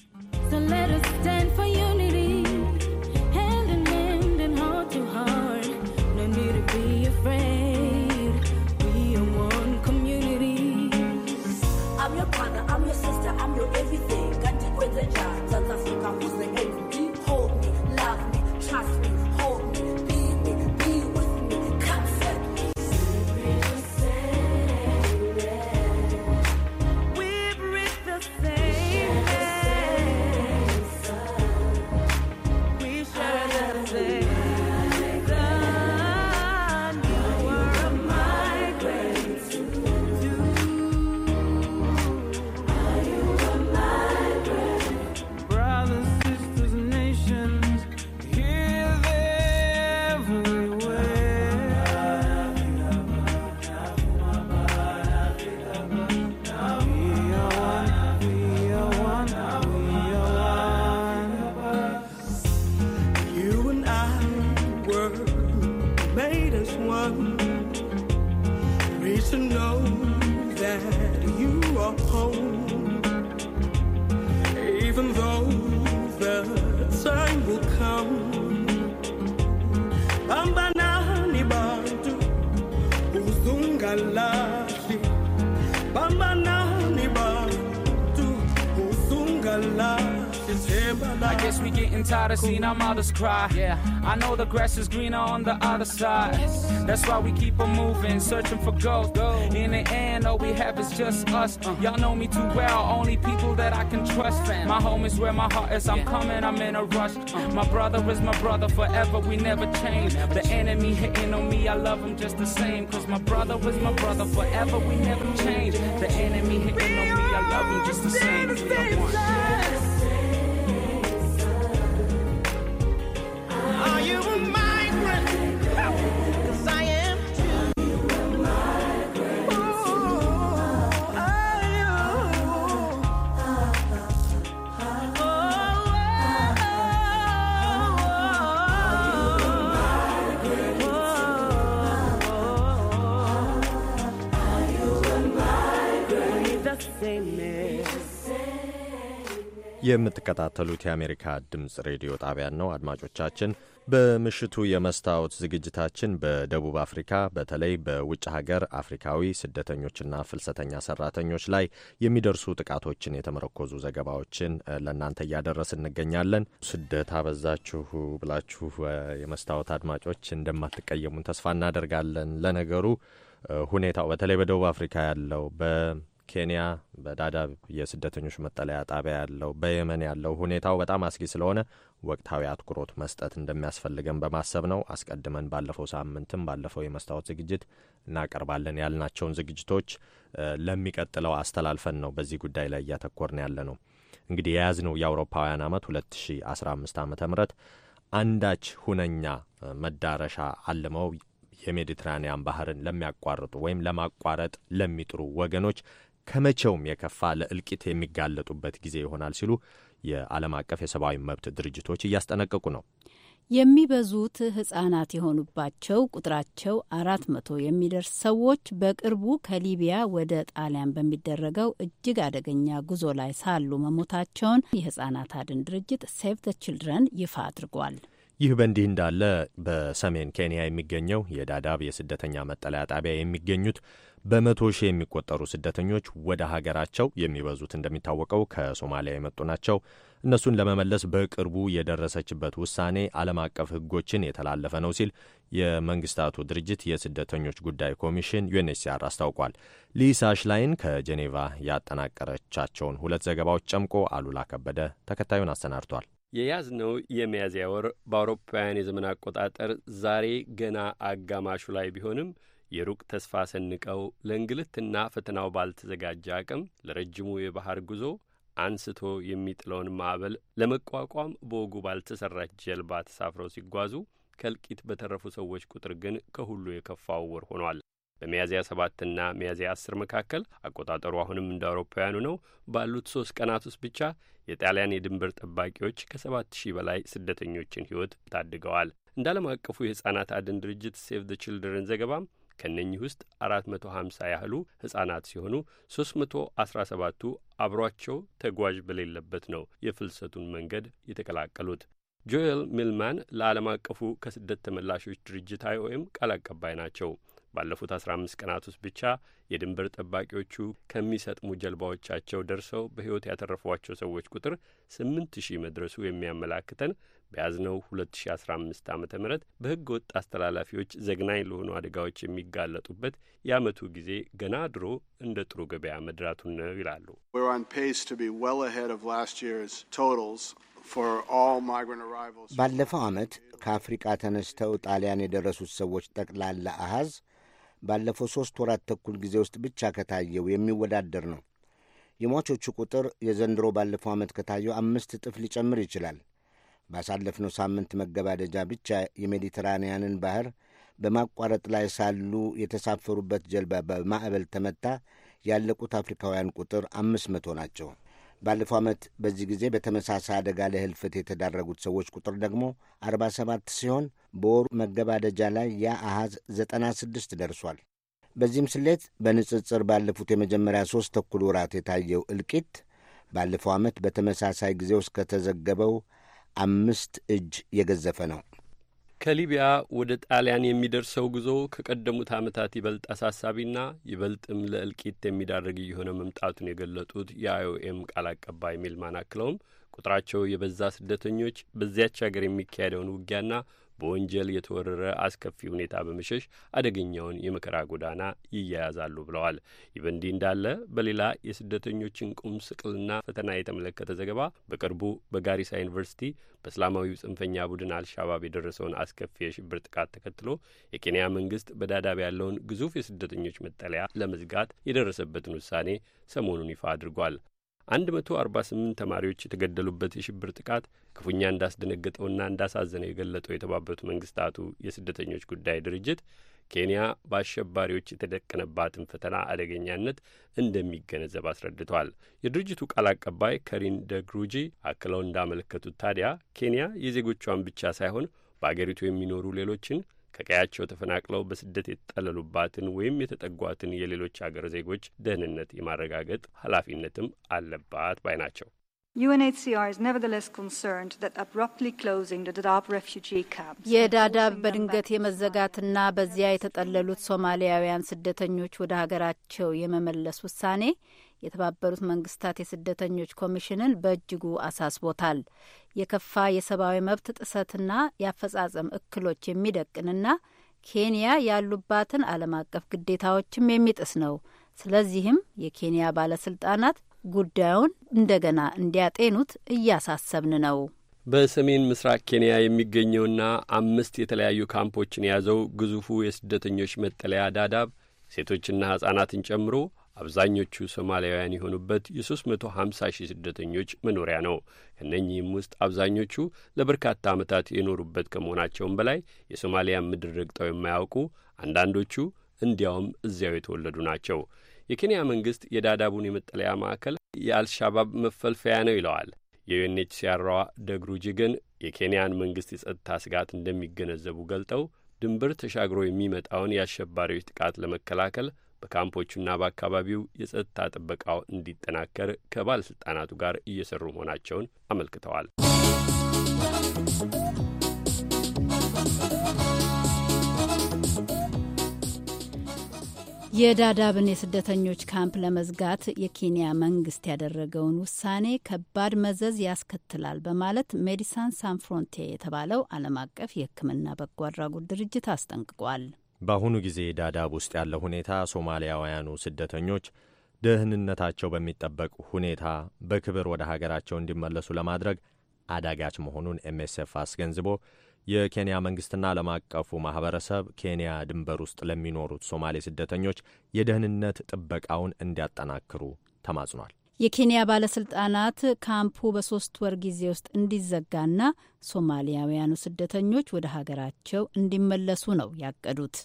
I've seen our mothers cry. Yeah. I know the grass is greener on the other side. That's why we keep on moving, searching for gold. In the end, all we have is just us. Uh. Y'all know me too well, only people that I can trust. My home is where my heart is. I'm coming, I'm in a rush. Uh. My brother is my brother forever, we never change. The enemy hitting on me, I love him just the same. Cause my brother was my brother forever, we never change. The enemy hitting on me, I love him just the same. We are one. የምትከታተሉት የአሜሪካ ድምፅ ሬዲዮ ጣቢያን ነው። አድማጮቻችን፣ በምሽቱ የመስታወት ዝግጅታችን በደቡብ አፍሪካ በተለይ በውጭ ሀገር አፍሪካዊ ስደተኞችና ፍልሰተኛ ሰራተኞች ላይ የሚደርሱ ጥቃቶችን የተመረኮዙ ዘገባዎችን ለእናንተ እያደረስ እንገኛለን። ስደት አበዛችሁ ብላችሁ የመስታወት አድማጮች እንደማትቀየሙን ተስፋ እናደርጋለን። ለነገሩ ሁኔታው በተለይ በደቡብ አፍሪካ ያለው ኬንያ በዳዳብ የስደተኞች መጠለያ ጣቢያ ያለው በየመን ያለው ሁኔታው በጣም አስጊ ስለሆነ ወቅታዊ አትኩሮት መስጠት እንደሚያስፈልገን በማሰብ ነው። አስቀድመን ባለፈው ሳምንትም ባለፈው የመስታወት ዝግጅት እናቀርባለን ያልናቸውን ዝግጅቶች ለሚቀጥለው አስተላልፈን ነው በዚህ ጉዳይ ላይ እያተኮርን ያለ ነው። እንግዲህ የያዝነው የአውሮፓውያን ዓመት 2015 ዓ ም አንዳች ሁነኛ መዳረሻ አልመው የሜዲትራኒያን ባህርን ለሚያቋርጡ ወይም ለማቋረጥ ለሚጥሩ ወገኖች ከመቼውም የከፋ ለእልቂት የሚጋለጡበት ጊዜ ይሆናል ሲሉ የዓለም አቀፍ የሰብአዊ መብት ድርጅቶች እያስጠነቀቁ ነው። የሚበዙት ህጻናት የሆኑባቸው ቁጥራቸው አራት መቶ የሚደርስ ሰዎች በቅርቡ ከሊቢያ ወደ ጣሊያን በሚደረገው እጅግ አደገኛ ጉዞ ላይ ሳሉ መሞታቸውን የህጻናት አድን ድርጅት ሴቭ ተ ችልድረን ይፋ አድርጓል። ይህ በእንዲህ እንዳለ በሰሜን ኬንያ የሚገኘው የዳዳብ የስደተኛ መጠለያ ጣቢያ የሚገኙት በመቶ ሺህ የሚቆጠሩ ስደተኞች ወደ ሀገራቸው የሚበዙት እንደሚታወቀው ከሶማሊያ የመጡ ናቸው። እነሱን ለመመለስ በቅርቡ የደረሰችበት ውሳኔ ዓለም አቀፍ ሕጎችን የተላለፈ ነው ሲል የመንግስታቱ ድርጅት የስደተኞች ጉዳይ ኮሚሽን ዩኤንኤችሲአር አስታውቋል። ሊሳ ሽላይን ከጄኔቫ ያጠናቀረቻቸውን ሁለት ዘገባዎች ጨምቆ አሉላ ከበደ ተከታዩን አሰናድቷል። የያዝነው የሚያዝያ ወር በአውሮፓውያን የዘመን አቆጣጠር ዛሬ ገና አጋማሹ ላይ ቢሆንም የሩቅ ተስፋ ሰንቀው ለእንግልትና ፈተናው ባልተዘጋጀ አቅም ለረጅሙ የባህር ጉዞ አንስቶ የሚጥለውን ማዕበል ለመቋቋም በወጉ ባልተሰራች ጀልባ ተሳፍረው ሲጓዙ ከእልቂት በተረፉ ሰዎች ቁጥር ግን ከሁሉ የከፋው ወር ሆኗል። በሚያዝያ ሰባትና ሚያዝያ አስር መካከል አቆጣጠሩ አሁንም እንደ አውሮፓውያኑ ነው። ባሉት ሶስት ቀናት ውስጥ ብቻ የጣሊያን የድንበር ጠባቂዎች ከሰባት ሺህ በላይ ስደተኞችን ሕይወት ታድገዋል። እንደ ዓለም አቀፉ የሕፃናት አድን ድርጅት ሴቭ ዘ ችልድረን ዘገባም ከእነኚህ ውስጥ 450 ያህሉ ሕጻናት ሲሆኑ 317ቱ አብሯቸው ተጓዥ በሌለበት ነው የፍልሰቱን መንገድ የተቀላቀሉት። ጆኤል ሚልማን ለዓለም አቀፉ ከስደት ተመላሾች ድርጅት አይኦኤም ቃል አቀባይ ናቸው። ባለፉት 15 ቀናት ውስጥ ብቻ የድንበር ጠባቂዎቹ ከሚሰጥሙ ጀልባዎቻቸው ደርሰው በሕይወት ያተረፏቸው ሰዎች ቁጥር 8 ሺህ መድረሱ የሚያመላክተን በያዝነው 2015 ዓ ም በሕገ ወጥ አስተላላፊዎች ዘግናኝ ለሆኑ አደጋዎች የሚጋለጡበት የአመቱ ጊዜ ገና ድሮ እንደ ጥሩ ገበያ መድራቱን ነው ይላሉ። ባለፈው ዓመት ከአፍሪቃ ተነስተው ጣሊያን የደረሱት ሰዎች ጠቅላላ አሃዝ ባለፈው ሦስት ወራት ተኩል ጊዜ ውስጥ ብቻ ከታየው የሚወዳደር ነው። የሟቾቹ ቁጥር የዘንድሮ ባለፈው ዓመት ከታየው አምስት እጥፍ ሊጨምር ይችላል። ባሳለፍነው ሳምንት መገባደጃ ብቻ የሜዲትራንያንን ባህር በማቋረጥ ላይ ሳሉ የተሳፈሩበት ጀልባ በማዕበል ተመታ። ያለቁት አፍሪካውያን ቁጥር አምስት መቶ ናቸው። ባለፈው ዓመት በዚህ ጊዜ በተመሳሳይ አደጋ ለህልፈት የተዳረጉት ሰዎች ቁጥር ደግሞ 47 ሲሆን በወሩ መገባደጃ ላይ ያ አሐዝ 96 ደርሷል። በዚህም ስሌት በንጽጽር ባለፉት የመጀመሪያ ሦስት ተኩል ወራት የታየው እልቂት ባለፈው ዓመት በተመሳሳይ ጊዜ ውስጥ ከተዘገበው አምስት እጅ የገዘፈ ነው። ከሊቢያ ወደ ጣሊያን የሚደርሰው ጉዞ ከቀደሙት ዓመታት ይበልጥ አሳሳቢና ይበልጥም ለእልቂት የሚዳርግ እየሆነ መምጣቱን የገለጡት የአይኦኤም ቃል አቀባይ ሚልማን አክለውም ቁጥራቸው የበዛ ስደተኞች በዚያች አገር የሚካሄደውን ውጊያና በወንጀል የተወረረ አስከፊ ሁኔታ በመሸሽ አደገኛውን የመከራ ጎዳና ይያያዛሉ ብለዋል። ይህ በእንዲህ እንዳለ በሌላ የስደተኞችን ቁም ስቅልና ፈተና የተመለከተ ዘገባ በቅርቡ በጋሪሳ ዩኒቨርሲቲ በእስላማዊው ጽንፈኛ ቡድን አልሻባብ የደረሰውን አስከፊ የሽብር ጥቃት ተከትሎ የኬንያ መንግስት በዳዳብ ያለውን ግዙፍ የስደተኞች መጠለያ ለመዝጋት የደረሰበትን ውሳኔ ሰሞኑን ይፋ አድርጓል። 148 ተማሪዎች የተገደሉበት የሽብር ጥቃት ክፉኛ እንዳስደነገጠውና እንዳሳዘነው የገለጠው የተባበሩት መንግስታቱ የስደተኞች ጉዳይ ድርጅት ኬንያ በአሸባሪዎች የተደቀነባትን ፈተና አደገኛነት እንደሚገነዘብ አስረድቷል። የድርጅቱ ቃል አቀባይ ከሪን ደግሩጂ አክለው እንዳመለከቱት ታዲያ ኬንያ የዜጎቿን ብቻ ሳይሆን በአገሪቱ የሚኖሩ ሌሎችን ከቀያቸው ተፈናቅለው በስደት የተጠለሉባትን ወይም የተጠጓትን የሌሎች አገር ዜጎች ደህንነት የማረጋገጥ ኃላፊነትም አለባት ባይ ናቸው። የዳዳብ በድንገት የመዘጋትና በዚያ የተጠለሉት ሶማሊያውያን ስደተኞች ወደ ሀገራቸው የመመለስ ውሳኔ የተባበሩት መንግስታት የስደተኞች ኮሚሽንን በእጅጉ አሳስቦታል። የከፋ የሰብአዊ መብት ጥሰትና የአፈጻጸም እክሎች የሚደቅንና ኬንያ ያሉባትን ዓለም አቀፍ ግዴታዎችም የሚጥስ ነው። ስለዚህም የኬንያ ባለስልጣናት ጉዳዩን እንደገና እንዲያጤኑት እያሳሰብን ነው። በሰሜን ምስራቅ ኬንያ የሚገኘውና አምስት የተለያዩ ካምፖችን የያዘው ግዙፉ የስደተኞች መጠለያ ዳዳብ ሴቶችና ሕጻናትን ጨምሮ አብዛኞቹ ሶማሊያውያን የሆኑበት የ350 ሺህ ስደተኞች መኖሪያ ነው። ከእነኚህም ውስጥ አብዛኞቹ ለበርካታ ዓመታት የኖሩበት ከመሆናቸውም በላይ የሶማሊያን ምድር ረግጠው የማያውቁ አንዳንዶቹ እንዲያውም እዚያው የተወለዱ ናቸው። የኬንያ መንግሥት የዳዳቡን የመጠለያ ማዕከል የአልሻባብ መፈልፈያ ነው ይለዋል። የዩኤንኤችሲአሯ ደግሩጂ ግን የኬንያን መንግሥት የጸጥታ ስጋት እንደሚገነዘቡ ገልጠው ድንበር ተሻግሮ የሚመጣውን የአሸባሪዎች ጥቃት ለመከላከል በካምፖቹና በአካባቢው የጸጥታ ጥበቃው እንዲጠናከር ከባለሥልጣናቱ ጋር እየሰሩ መሆናቸውን አመልክተዋል። የዳዳብን የስደተኞች ካምፕ ለመዝጋት የኬንያ መንግስት ያደረገውን ውሳኔ ከባድ መዘዝ ያስከትላል በማለት ሜዲሳን ሳን ፍሮንቴ የተባለው ዓለም አቀፍ የሕክምና በጎ አድራጎት ድርጅት አስጠንቅቋል። በአሁኑ ጊዜ ዳዳብ ውስጥ ያለው ሁኔታ ሶማሊያውያኑ ስደተኞች ደህንነታቸው በሚጠበቅ ሁኔታ በክብር ወደ ሀገራቸው እንዲመለሱ ለማድረግ አዳጋች መሆኑን ኤምኤስኤፍ አስገንዝቦ የኬንያ መንግስትና ዓለም አቀፉ ማኅበረሰብ ኬንያ ድንበር ውስጥ ለሚኖሩት ሶማሌ ስደተኞች የደህንነት ጥበቃውን እንዲያጠናክሩ ተማጽኗል። የኬንያ ባለስልጣናት ካምፑ በሶስት ወር ጊዜ ውስጥ እንዲዘጋና ሶማሊያውያኑ ስደተኞች ወደ ሀገራቸው እንዲመለሱ ነው ያቀዱት።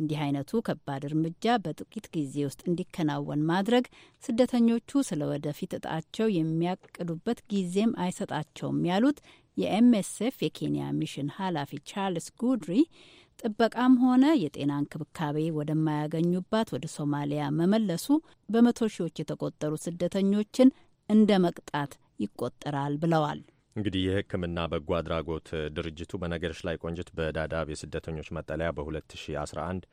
እንዲህ አይነቱ ከባድ እርምጃ በጥቂት ጊዜ ውስጥ እንዲከናወን ማድረግ ስደተኞቹ ስለ ወደፊት እጣቸው የሚያቅዱበት ጊዜም አይሰጣቸውም ያሉት የኤምኤስኤፍ የኬንያ ሚሽን ኃላፊ ቻርልስ ጉድሪ ጥበቃም ሆነ የጤና እንክብካቤ ወደማያገኙባት ወደ ሶማሊያ መመለሱ በመቶ ሺዎች የተቆጠሩ ስደተኞችን እንደ መቅጣት ይቆጠራል ብለዋል። እንግዲህ የሕክምና በጎ አድራጎት ድርጅቱ በነገሮች ላይ ቆንጅት በዳዳብ የስደተኞች መጠለያ በ2011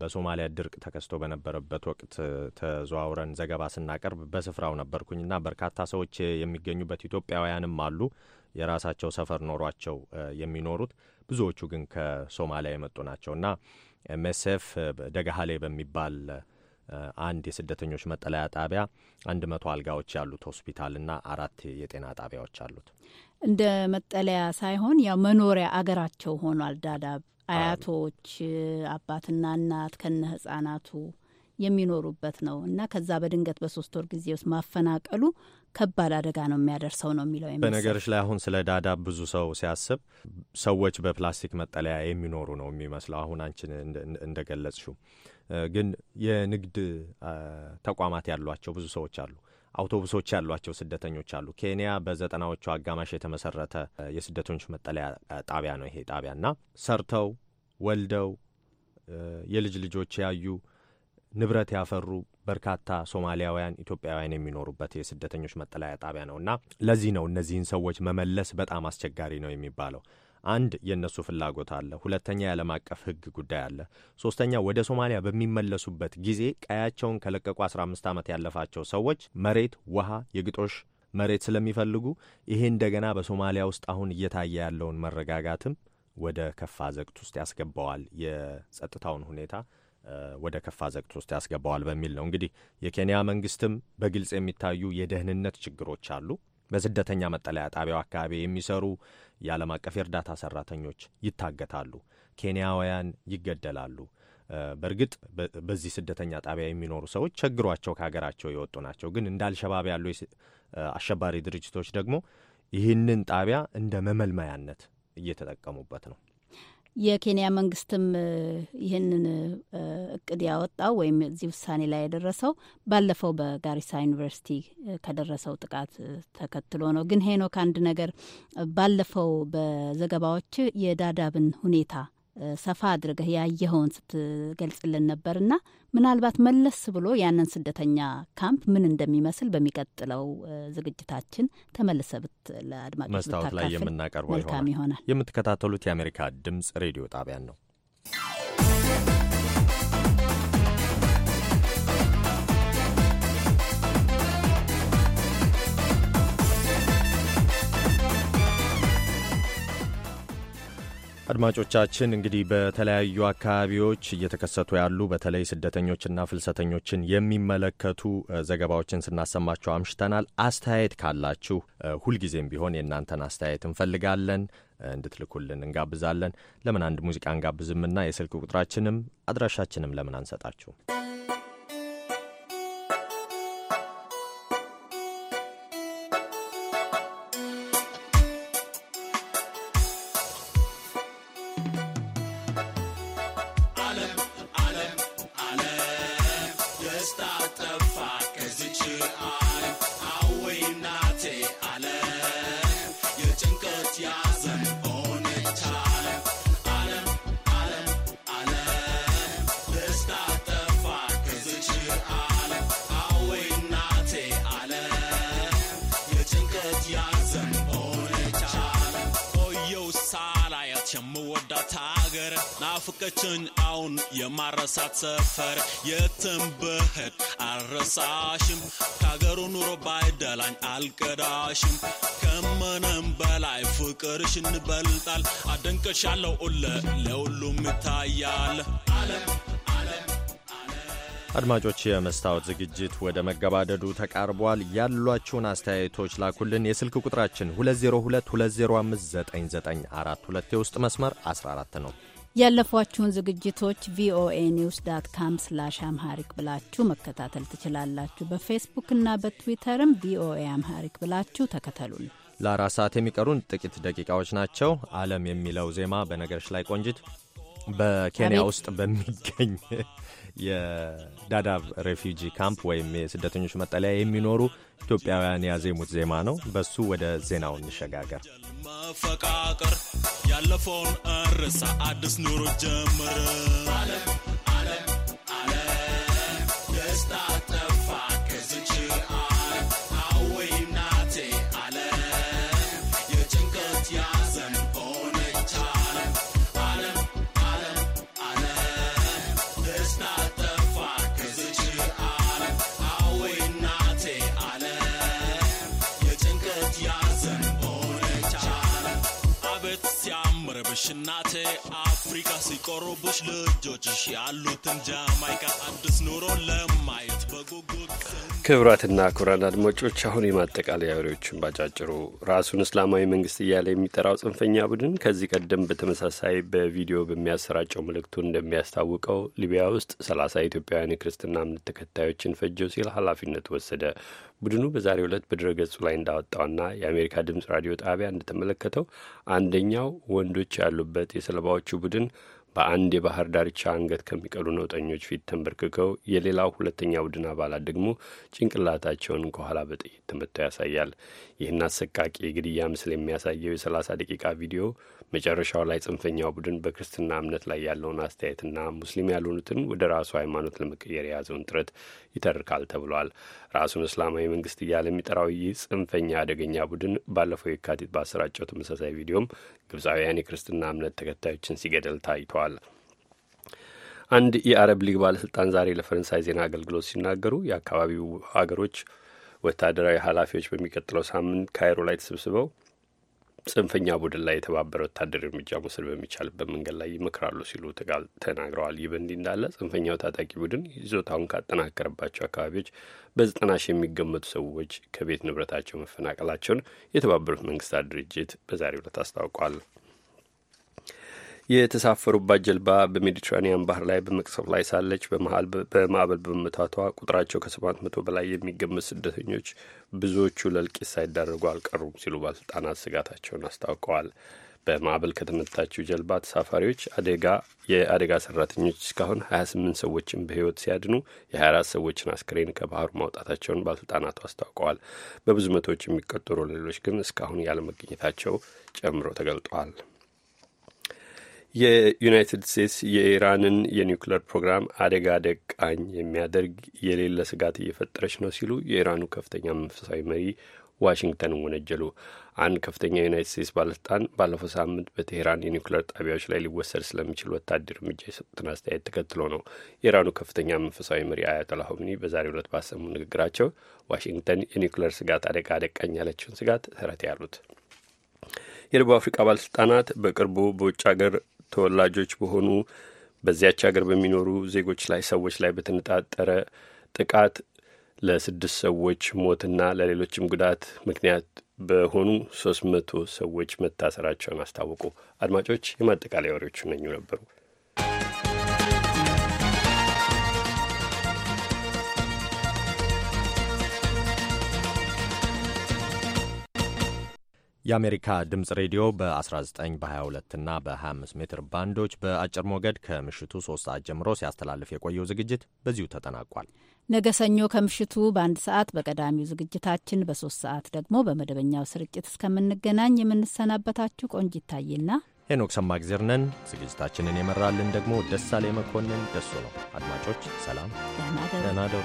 በሶማሊያ ድርቅ ተከስቶ በነበረበት ወቅት ተዘዋውረን ዘገባ ስናቀርብ በስፍራው ነበርኩኝና በርካታ ሰዎች የሚገኙበት ኢትዮጵያውያንም አሉ የራሳቸው ሰፈር ኖሯቸው የሚኖሩት ብዙዎቹ ግን ከሶማሊያ የመጡ ናቸውና መሴፍ ደጋሃሌ በሚባል አንድ የስደተኞች መጠለያ ጣቢያ አንድ መቶ አልጋዎች ያሉት ሆስፒታልና አራት የጤና ጣቢያዎች አሉት። እንደ መጠለያ ሳይሆን ያው መኖሪያ አገራቸው ሆኗል። ዳዳብ አያቶች አባትና እናት ከነ ህጻናቱ የሚኖሩበት ነው እና ከዛ በድንገት በሶስት ወር ጊዜ ውስጥ ማፈናቀሉ ከባድ አደጋ ነው የሚያደርሰው ነው የሚለው። በነገሮች ላይ አሁን ስለ ዳዳ ብዙ ሰው ሲያስብ ሰዎች በፕላስቲክ መጠለያ የሚኖሩ ነው የሚመስለው። አሁን አንቺን እንደገለጽሽው ግን የንግድ ተቋማት ያሏቸው ብዙ ሰዎች አሉ። አውቶቡሶች ያሏቸው ስደተኞች አሉ። ኬንያ በዘጠናዎቹ አጋማሽ የተመሰረተ የስደተኞች መጠለያ ጣቢያ ነው ይሄ ጣቢያ እና ሰርተው ወልደው የልጅ ልጆች ያዩ ንብረት ያፈሩ በርካታ ሶማሊያውያን፣ ኢትዮጵያውያን የሚኖሩበት የስደተኞች መጠለያ ጣቢያ ነው እና ለዚህ ነው እነዚህን ሰዎች መመለስ በጣም አስቸጋሪ ነው የሚባለው። አንድ የእነሱ ፍላጎት አለ። ሁለተኛ የዓለም አቀፍ ሕግ ጉዳይ አለ። ሶስተኛ ወደ ሶማሊያ በሚመለሱበት ጊዜ ቀያቸውን ከለቀቁ 15 ዓመት ያለፋቸው ሰዎች መሬት፣ ውሃ፣ የግጦሽ መሬት ስለሚፈልጉ ይሄ እንደገና በሶማሊያ ውስጥ አሁን እየታየ ያለውን መረጋጋትም ወደ ከፋ ዘግት ውስጥ ያስገባዋል የጸጥታውን ሁኔታ ወደ ከፋ ዘግት ውስጥ ያስገባዋል በሚል ነው። እንግዲህ የኬንያ መንግስትም በግልጽ የሚታዩ የደህንነት ችግሮች አሉ። በስደተኛ መጠለያ ጣቢያው አካባቢ የሚሰሩ የዓለም አቀፍ የእርዳታ ሰራተኞች ይታገታሉ፣ ኬንያውያን ይገደላሉ። በእርግጥ በዚህ ስደተኛ ጣቢያ የሚኖሩ ሰዎች ቸግሯቸው ከሀገራቸው የወጡ ናቸው። ግን እንደ አልሸባብ ያሉ አሸባሪ ድርጅቶች ደግሞ ይህንን ጣቢያ እንደ መመልመያነት እየተጠቀሙበት ነው። የኬንያ መንግስትም ይህንን እቅድ ያወጣው ወይም እዚህ ውሳኔ ላይ የደረሰው ባለፈው በጋሪሳ ዩኒቨርሲቲ ከደረሰው ጥቃት ተከትሎ ነው። ግን ሄኖክ አንድ ነገር ባለፈው በዘገባዎች የዳዳብን ሁኔታ ሰፋ አድርገህ ያየኸውን ስትገልጽልን ነበርና ምናልባት መለስ ብሎ ያንን ስደተኛ ካምፕ ምን እንደሚመስል በሚቀጥለው ዝግጅታችን ተመልሰ ብት ለአድማጮች ላይ መልካም ይሆናል። የምትከታተሉት የአሜሪካ ድምጽ ሬዲዮ ጣቢያን ነው። አድማጮቻችን እንግዲህ በተለያዩ አካባቢዎች እየተከሰቱ ያሉ በተለይ ስደተኞችና ፍልሰተኞችን የሚመለከቱ ዘገባዎችን ስናሰማቸው አምሽተናል። አስተያየት ካላችሁ ሁልጊዜም ቢሆን የእናንተን አስተያየት እንፈልጋለን፣ እንድትልኩልን እንጋብዛለን። ለምን አንድ ሙዚቃ እንጋብዝምና የስልክ ቁጥራችንም አድራሻችንም ለምን አንሰጣችሁ? ናፈቀችን አሁን የማረሳት ሰፈር የትም ብሄድ አረሳሽም ከሀገሩ ኑሮ ባይደላኝ አልቀዳሽም ከምንም በላይ ፍቅርሽ እንበልጣል አደንቅሻለሁ ለ ለሁሉም ይታያል አድማጮች የመስታወት ዝግጅት ወደ መገባደዱ ተቃርቧል። ያሏችሁን አስተያየቶች ላኩልን። የስልክ ቁጥራችን 2022059942 የውስጥ መስመር 14 ነው። ያለፏችሁን ዝግጅቶች ቪኦኤ ኒውስ ዳት ካም ስላሽ አምሃሪክ ብላችሁ መከታተል ትችላላችሁ። በፌስቡክ እና በትዊተርም ቪኦኤ አምሃሪክ ብላችሁ ተከተሉን። ለአራት ሰዓት የሚቀሩን ጥቂት ደቂቃዎች ናቸው። ዓለም የሚለው ዜማ በነገሮች ላይ ቆንጅት በኬንያ ውስጥ በሚገኝ የዳዳብ ሬፊጂ ካምፕ ወይም የስደተኞች መጠለያ የሚኖሩ ኢትዮጵያውያን ያዜሙት ዜማ ነው። በሱ ወደ ዜናው እንሸጋገር። ያለፈውን እርሳ አዲስ ኑሮ ጀምረ አለም አለም አለም ደስታ should not take out. አፍሪካ ሲቆረቡሽ ልጆችሽ ያሉትን ጃማይካ አዲስ ኑሮ ለማየት በጉጉት ክብራትና ክብራን አድማጮች፣ አሁን የማጠቃለያ ወሬዎችን ባጫጭሩ። ራሱን እስላማዊ መንግስት እያለ የሚጠራው ጽንፈኛ ቡድን ከዚህ ቀደም በተመሳሳይ በቪዲዮ በሚያሰራጨው ምልክቱ እንደሚያስታውቀው ሊቢያ ውስጥ ሰላሳ ኢትዮጵያውያን የክርስትና እምነት ተከታዮችን ፈጀው ሲል ኃላፊነት ወሰደ። ቡድኑ በዛሬ ዕለት በድረገጹ ላይ እንዳወጣውና የአሜሪካ ድምፅ ራዲዮ ጣቢያ እንደተመለከተው አንደኛው ወንዶች ያሉበት የሰለባዎቹ ቡድን ቡድን በአንድ የባህር ዳርቻ አንገት ከሚቀሉ ነውጠኞች ፊት ተንበርክከው የሌላው ሁለተኛ ቡድን አባላት ደግሞ ጭንቅላታቸውን ከኋላ በጥይት ተመትተው ያሳያል። ይህን አሰቃቂ የግድያ ምስል የሚያሳየው የሰላሳ ደቂቃ ቪዲዮ መጨረሻው ላይ ጽንፈኛው ቡድን በክርስትና እምነት ላይ ያለውን አስተያየትና ሙስሊም ያልሆኑትን ወደ ራሱ ሃይማኖት ለመቀየር የያዘውን ጥረት ይተርካል ተብሏል። ራሱን እስላማዊ መንግስት እያለ የሚጠራው ይህ ጽንፈኛ አደገኛ ቡድን ባለፈው የካቲት ባሰራጨው ተመሳሳይ ቪዲዮም ግብፃውያን የክርስትና እምነት ተከታዮችን ሲገደል ታይተዋል። አንድ የአረብ ሊግ ባለስልጣን ዛሬ ለፈረንሳይ ዜና አገልግሎት ሲናገሩ የአካባቢው ሀገሮች ወታደራዊ ኃላፊዎች በሚቀጥለው ሳምንት ካይሮ ላይ ተሰብስበው ጽንፈኛ ቡድን ላይ የተባበረ ወታደር እርምጃ መውሰድ በሚቻልበት መንገድ ላይ ይመክራሉ ሲሉ ተናግረዋል። ይህ በእንዲህ እንዳለ ጽንፈኛው ታጣቂ ቡድን ይዞታውን ካጠናከረባቸው አካባቢዎች በዘጠና ሺህ የሚገመቱ ሰዎች ከቤት ንብረታቸው መፈናቀላቸውን የተባበሩት መንግስታት ድርጅት በዛሬው ዕለት አስታውቋል። የተሳፈሩባት ጀልባ በሜዲትራኒያን ባህር ላይ በመቅሰፍ ላይ ሳለች በመሀል በማዕበል በመመታቷ ቁጥራቸው ከሰባት መቶ በላይ የሚገመት ስደተኞች ብዙዎቹ ለእልቂት ሳይዳረጉ አልቀሩም ሲሉ ባለስልጣናት ስጋታቸውን አስታውቀዋል። በማዕበል ከተመታችው ጀልባ ተሳፋሪዎች አደጋ የአደጋ ሰራተኞች እስካሁን 28 ሰዎችን በህይወት ሲያድኑ የ24 ሰዎችን አስክሬን ከባህሩ ማውጣታቸውን ባለስልጣናቱ አስታውቀዋል። በብዙ መቶዎች የሚቆጠሩ ሌሎች ግን እስካሁን ያለመገኘታቸው ጨምሮ ተገልጧል። የዩናይትድ ስቴትስ የኢራንን የኒውክሌር ፕሮግራም አደጋ ደቃኝ የሚያደርግ የሌለ ስጋት እየፈጠረች ነው ሲሉ የኢራኑ ከፍተኛ መንፈሳዊ መሪ ዋሽንግተንን ወነጀሉ። አንድ ከፍተኛ የዩናይትድ ስቴትስ ባለስልጣን ባለፈው ሳምንት በቴሄራን የኒውክሌር ጣቢያዎች ላይ ሊወሰድ ስለሚችል ወታደር እርምጃ የሰጡትን አስተያየት ተከትሎ ነው። የኢራኑ ከፍተኛ መንፈሳዊ መሪ አያቶላ ሆምኒ በዛሬው ዕለት ባሰሙ ንግግራቸው ዋሽንግተን የኒውክሌር ስጋት አደጋ ደቃኝ ያለችውን ስጋት ተረት ያሉት የደቡብ አፍሪካ ባለስልጣናት በቅርቡ በውጭ ሀገር ተወላጆች በሆኑ በዚያች ሀገር በሚኖሩ ዜጎች ላይ ሰዎች ላይ በተነጣጠረ ጥቃት ለስድስት ሰዎች ሞትና ለሌሎችም ጉዳት ምክንያት በሆኑ ሶስት መቶ ሰዎች መታሰራቸውን አስታወቁ። አድማጮች የማጠቃለያ ወሬዎቹ እነኙ ነበሩ። የአሜሪካ ድምፅ ሬዲዮ በ19 በ22 እና በ25 ሜትር ባንዶች በአጭር ሞገድ ከምሽቱ 3 ሰዓት ጀምሮ ሲያስተላልፍ የቆየው ዝግጅት በዚሁ ተጠናቋል። ነገ ሰኞ ከምሽቱ በአንድ ሰዓት በቀዳሚው ዝግጅታችን፣ በሶስት ሰዓት ደግሞ በመደበኛው ስርጭት እስከምንገናኝ የምንሰናበታችሁ ቆንጅ ይታይና ሄኖክ ሰማግዜር ነን። ዝግጅታችንን የመራልን ደግሞ ደሳሌ መኮንን ደሱ ነው። አድማጮች ሰላም፣ ደህና ደሩ።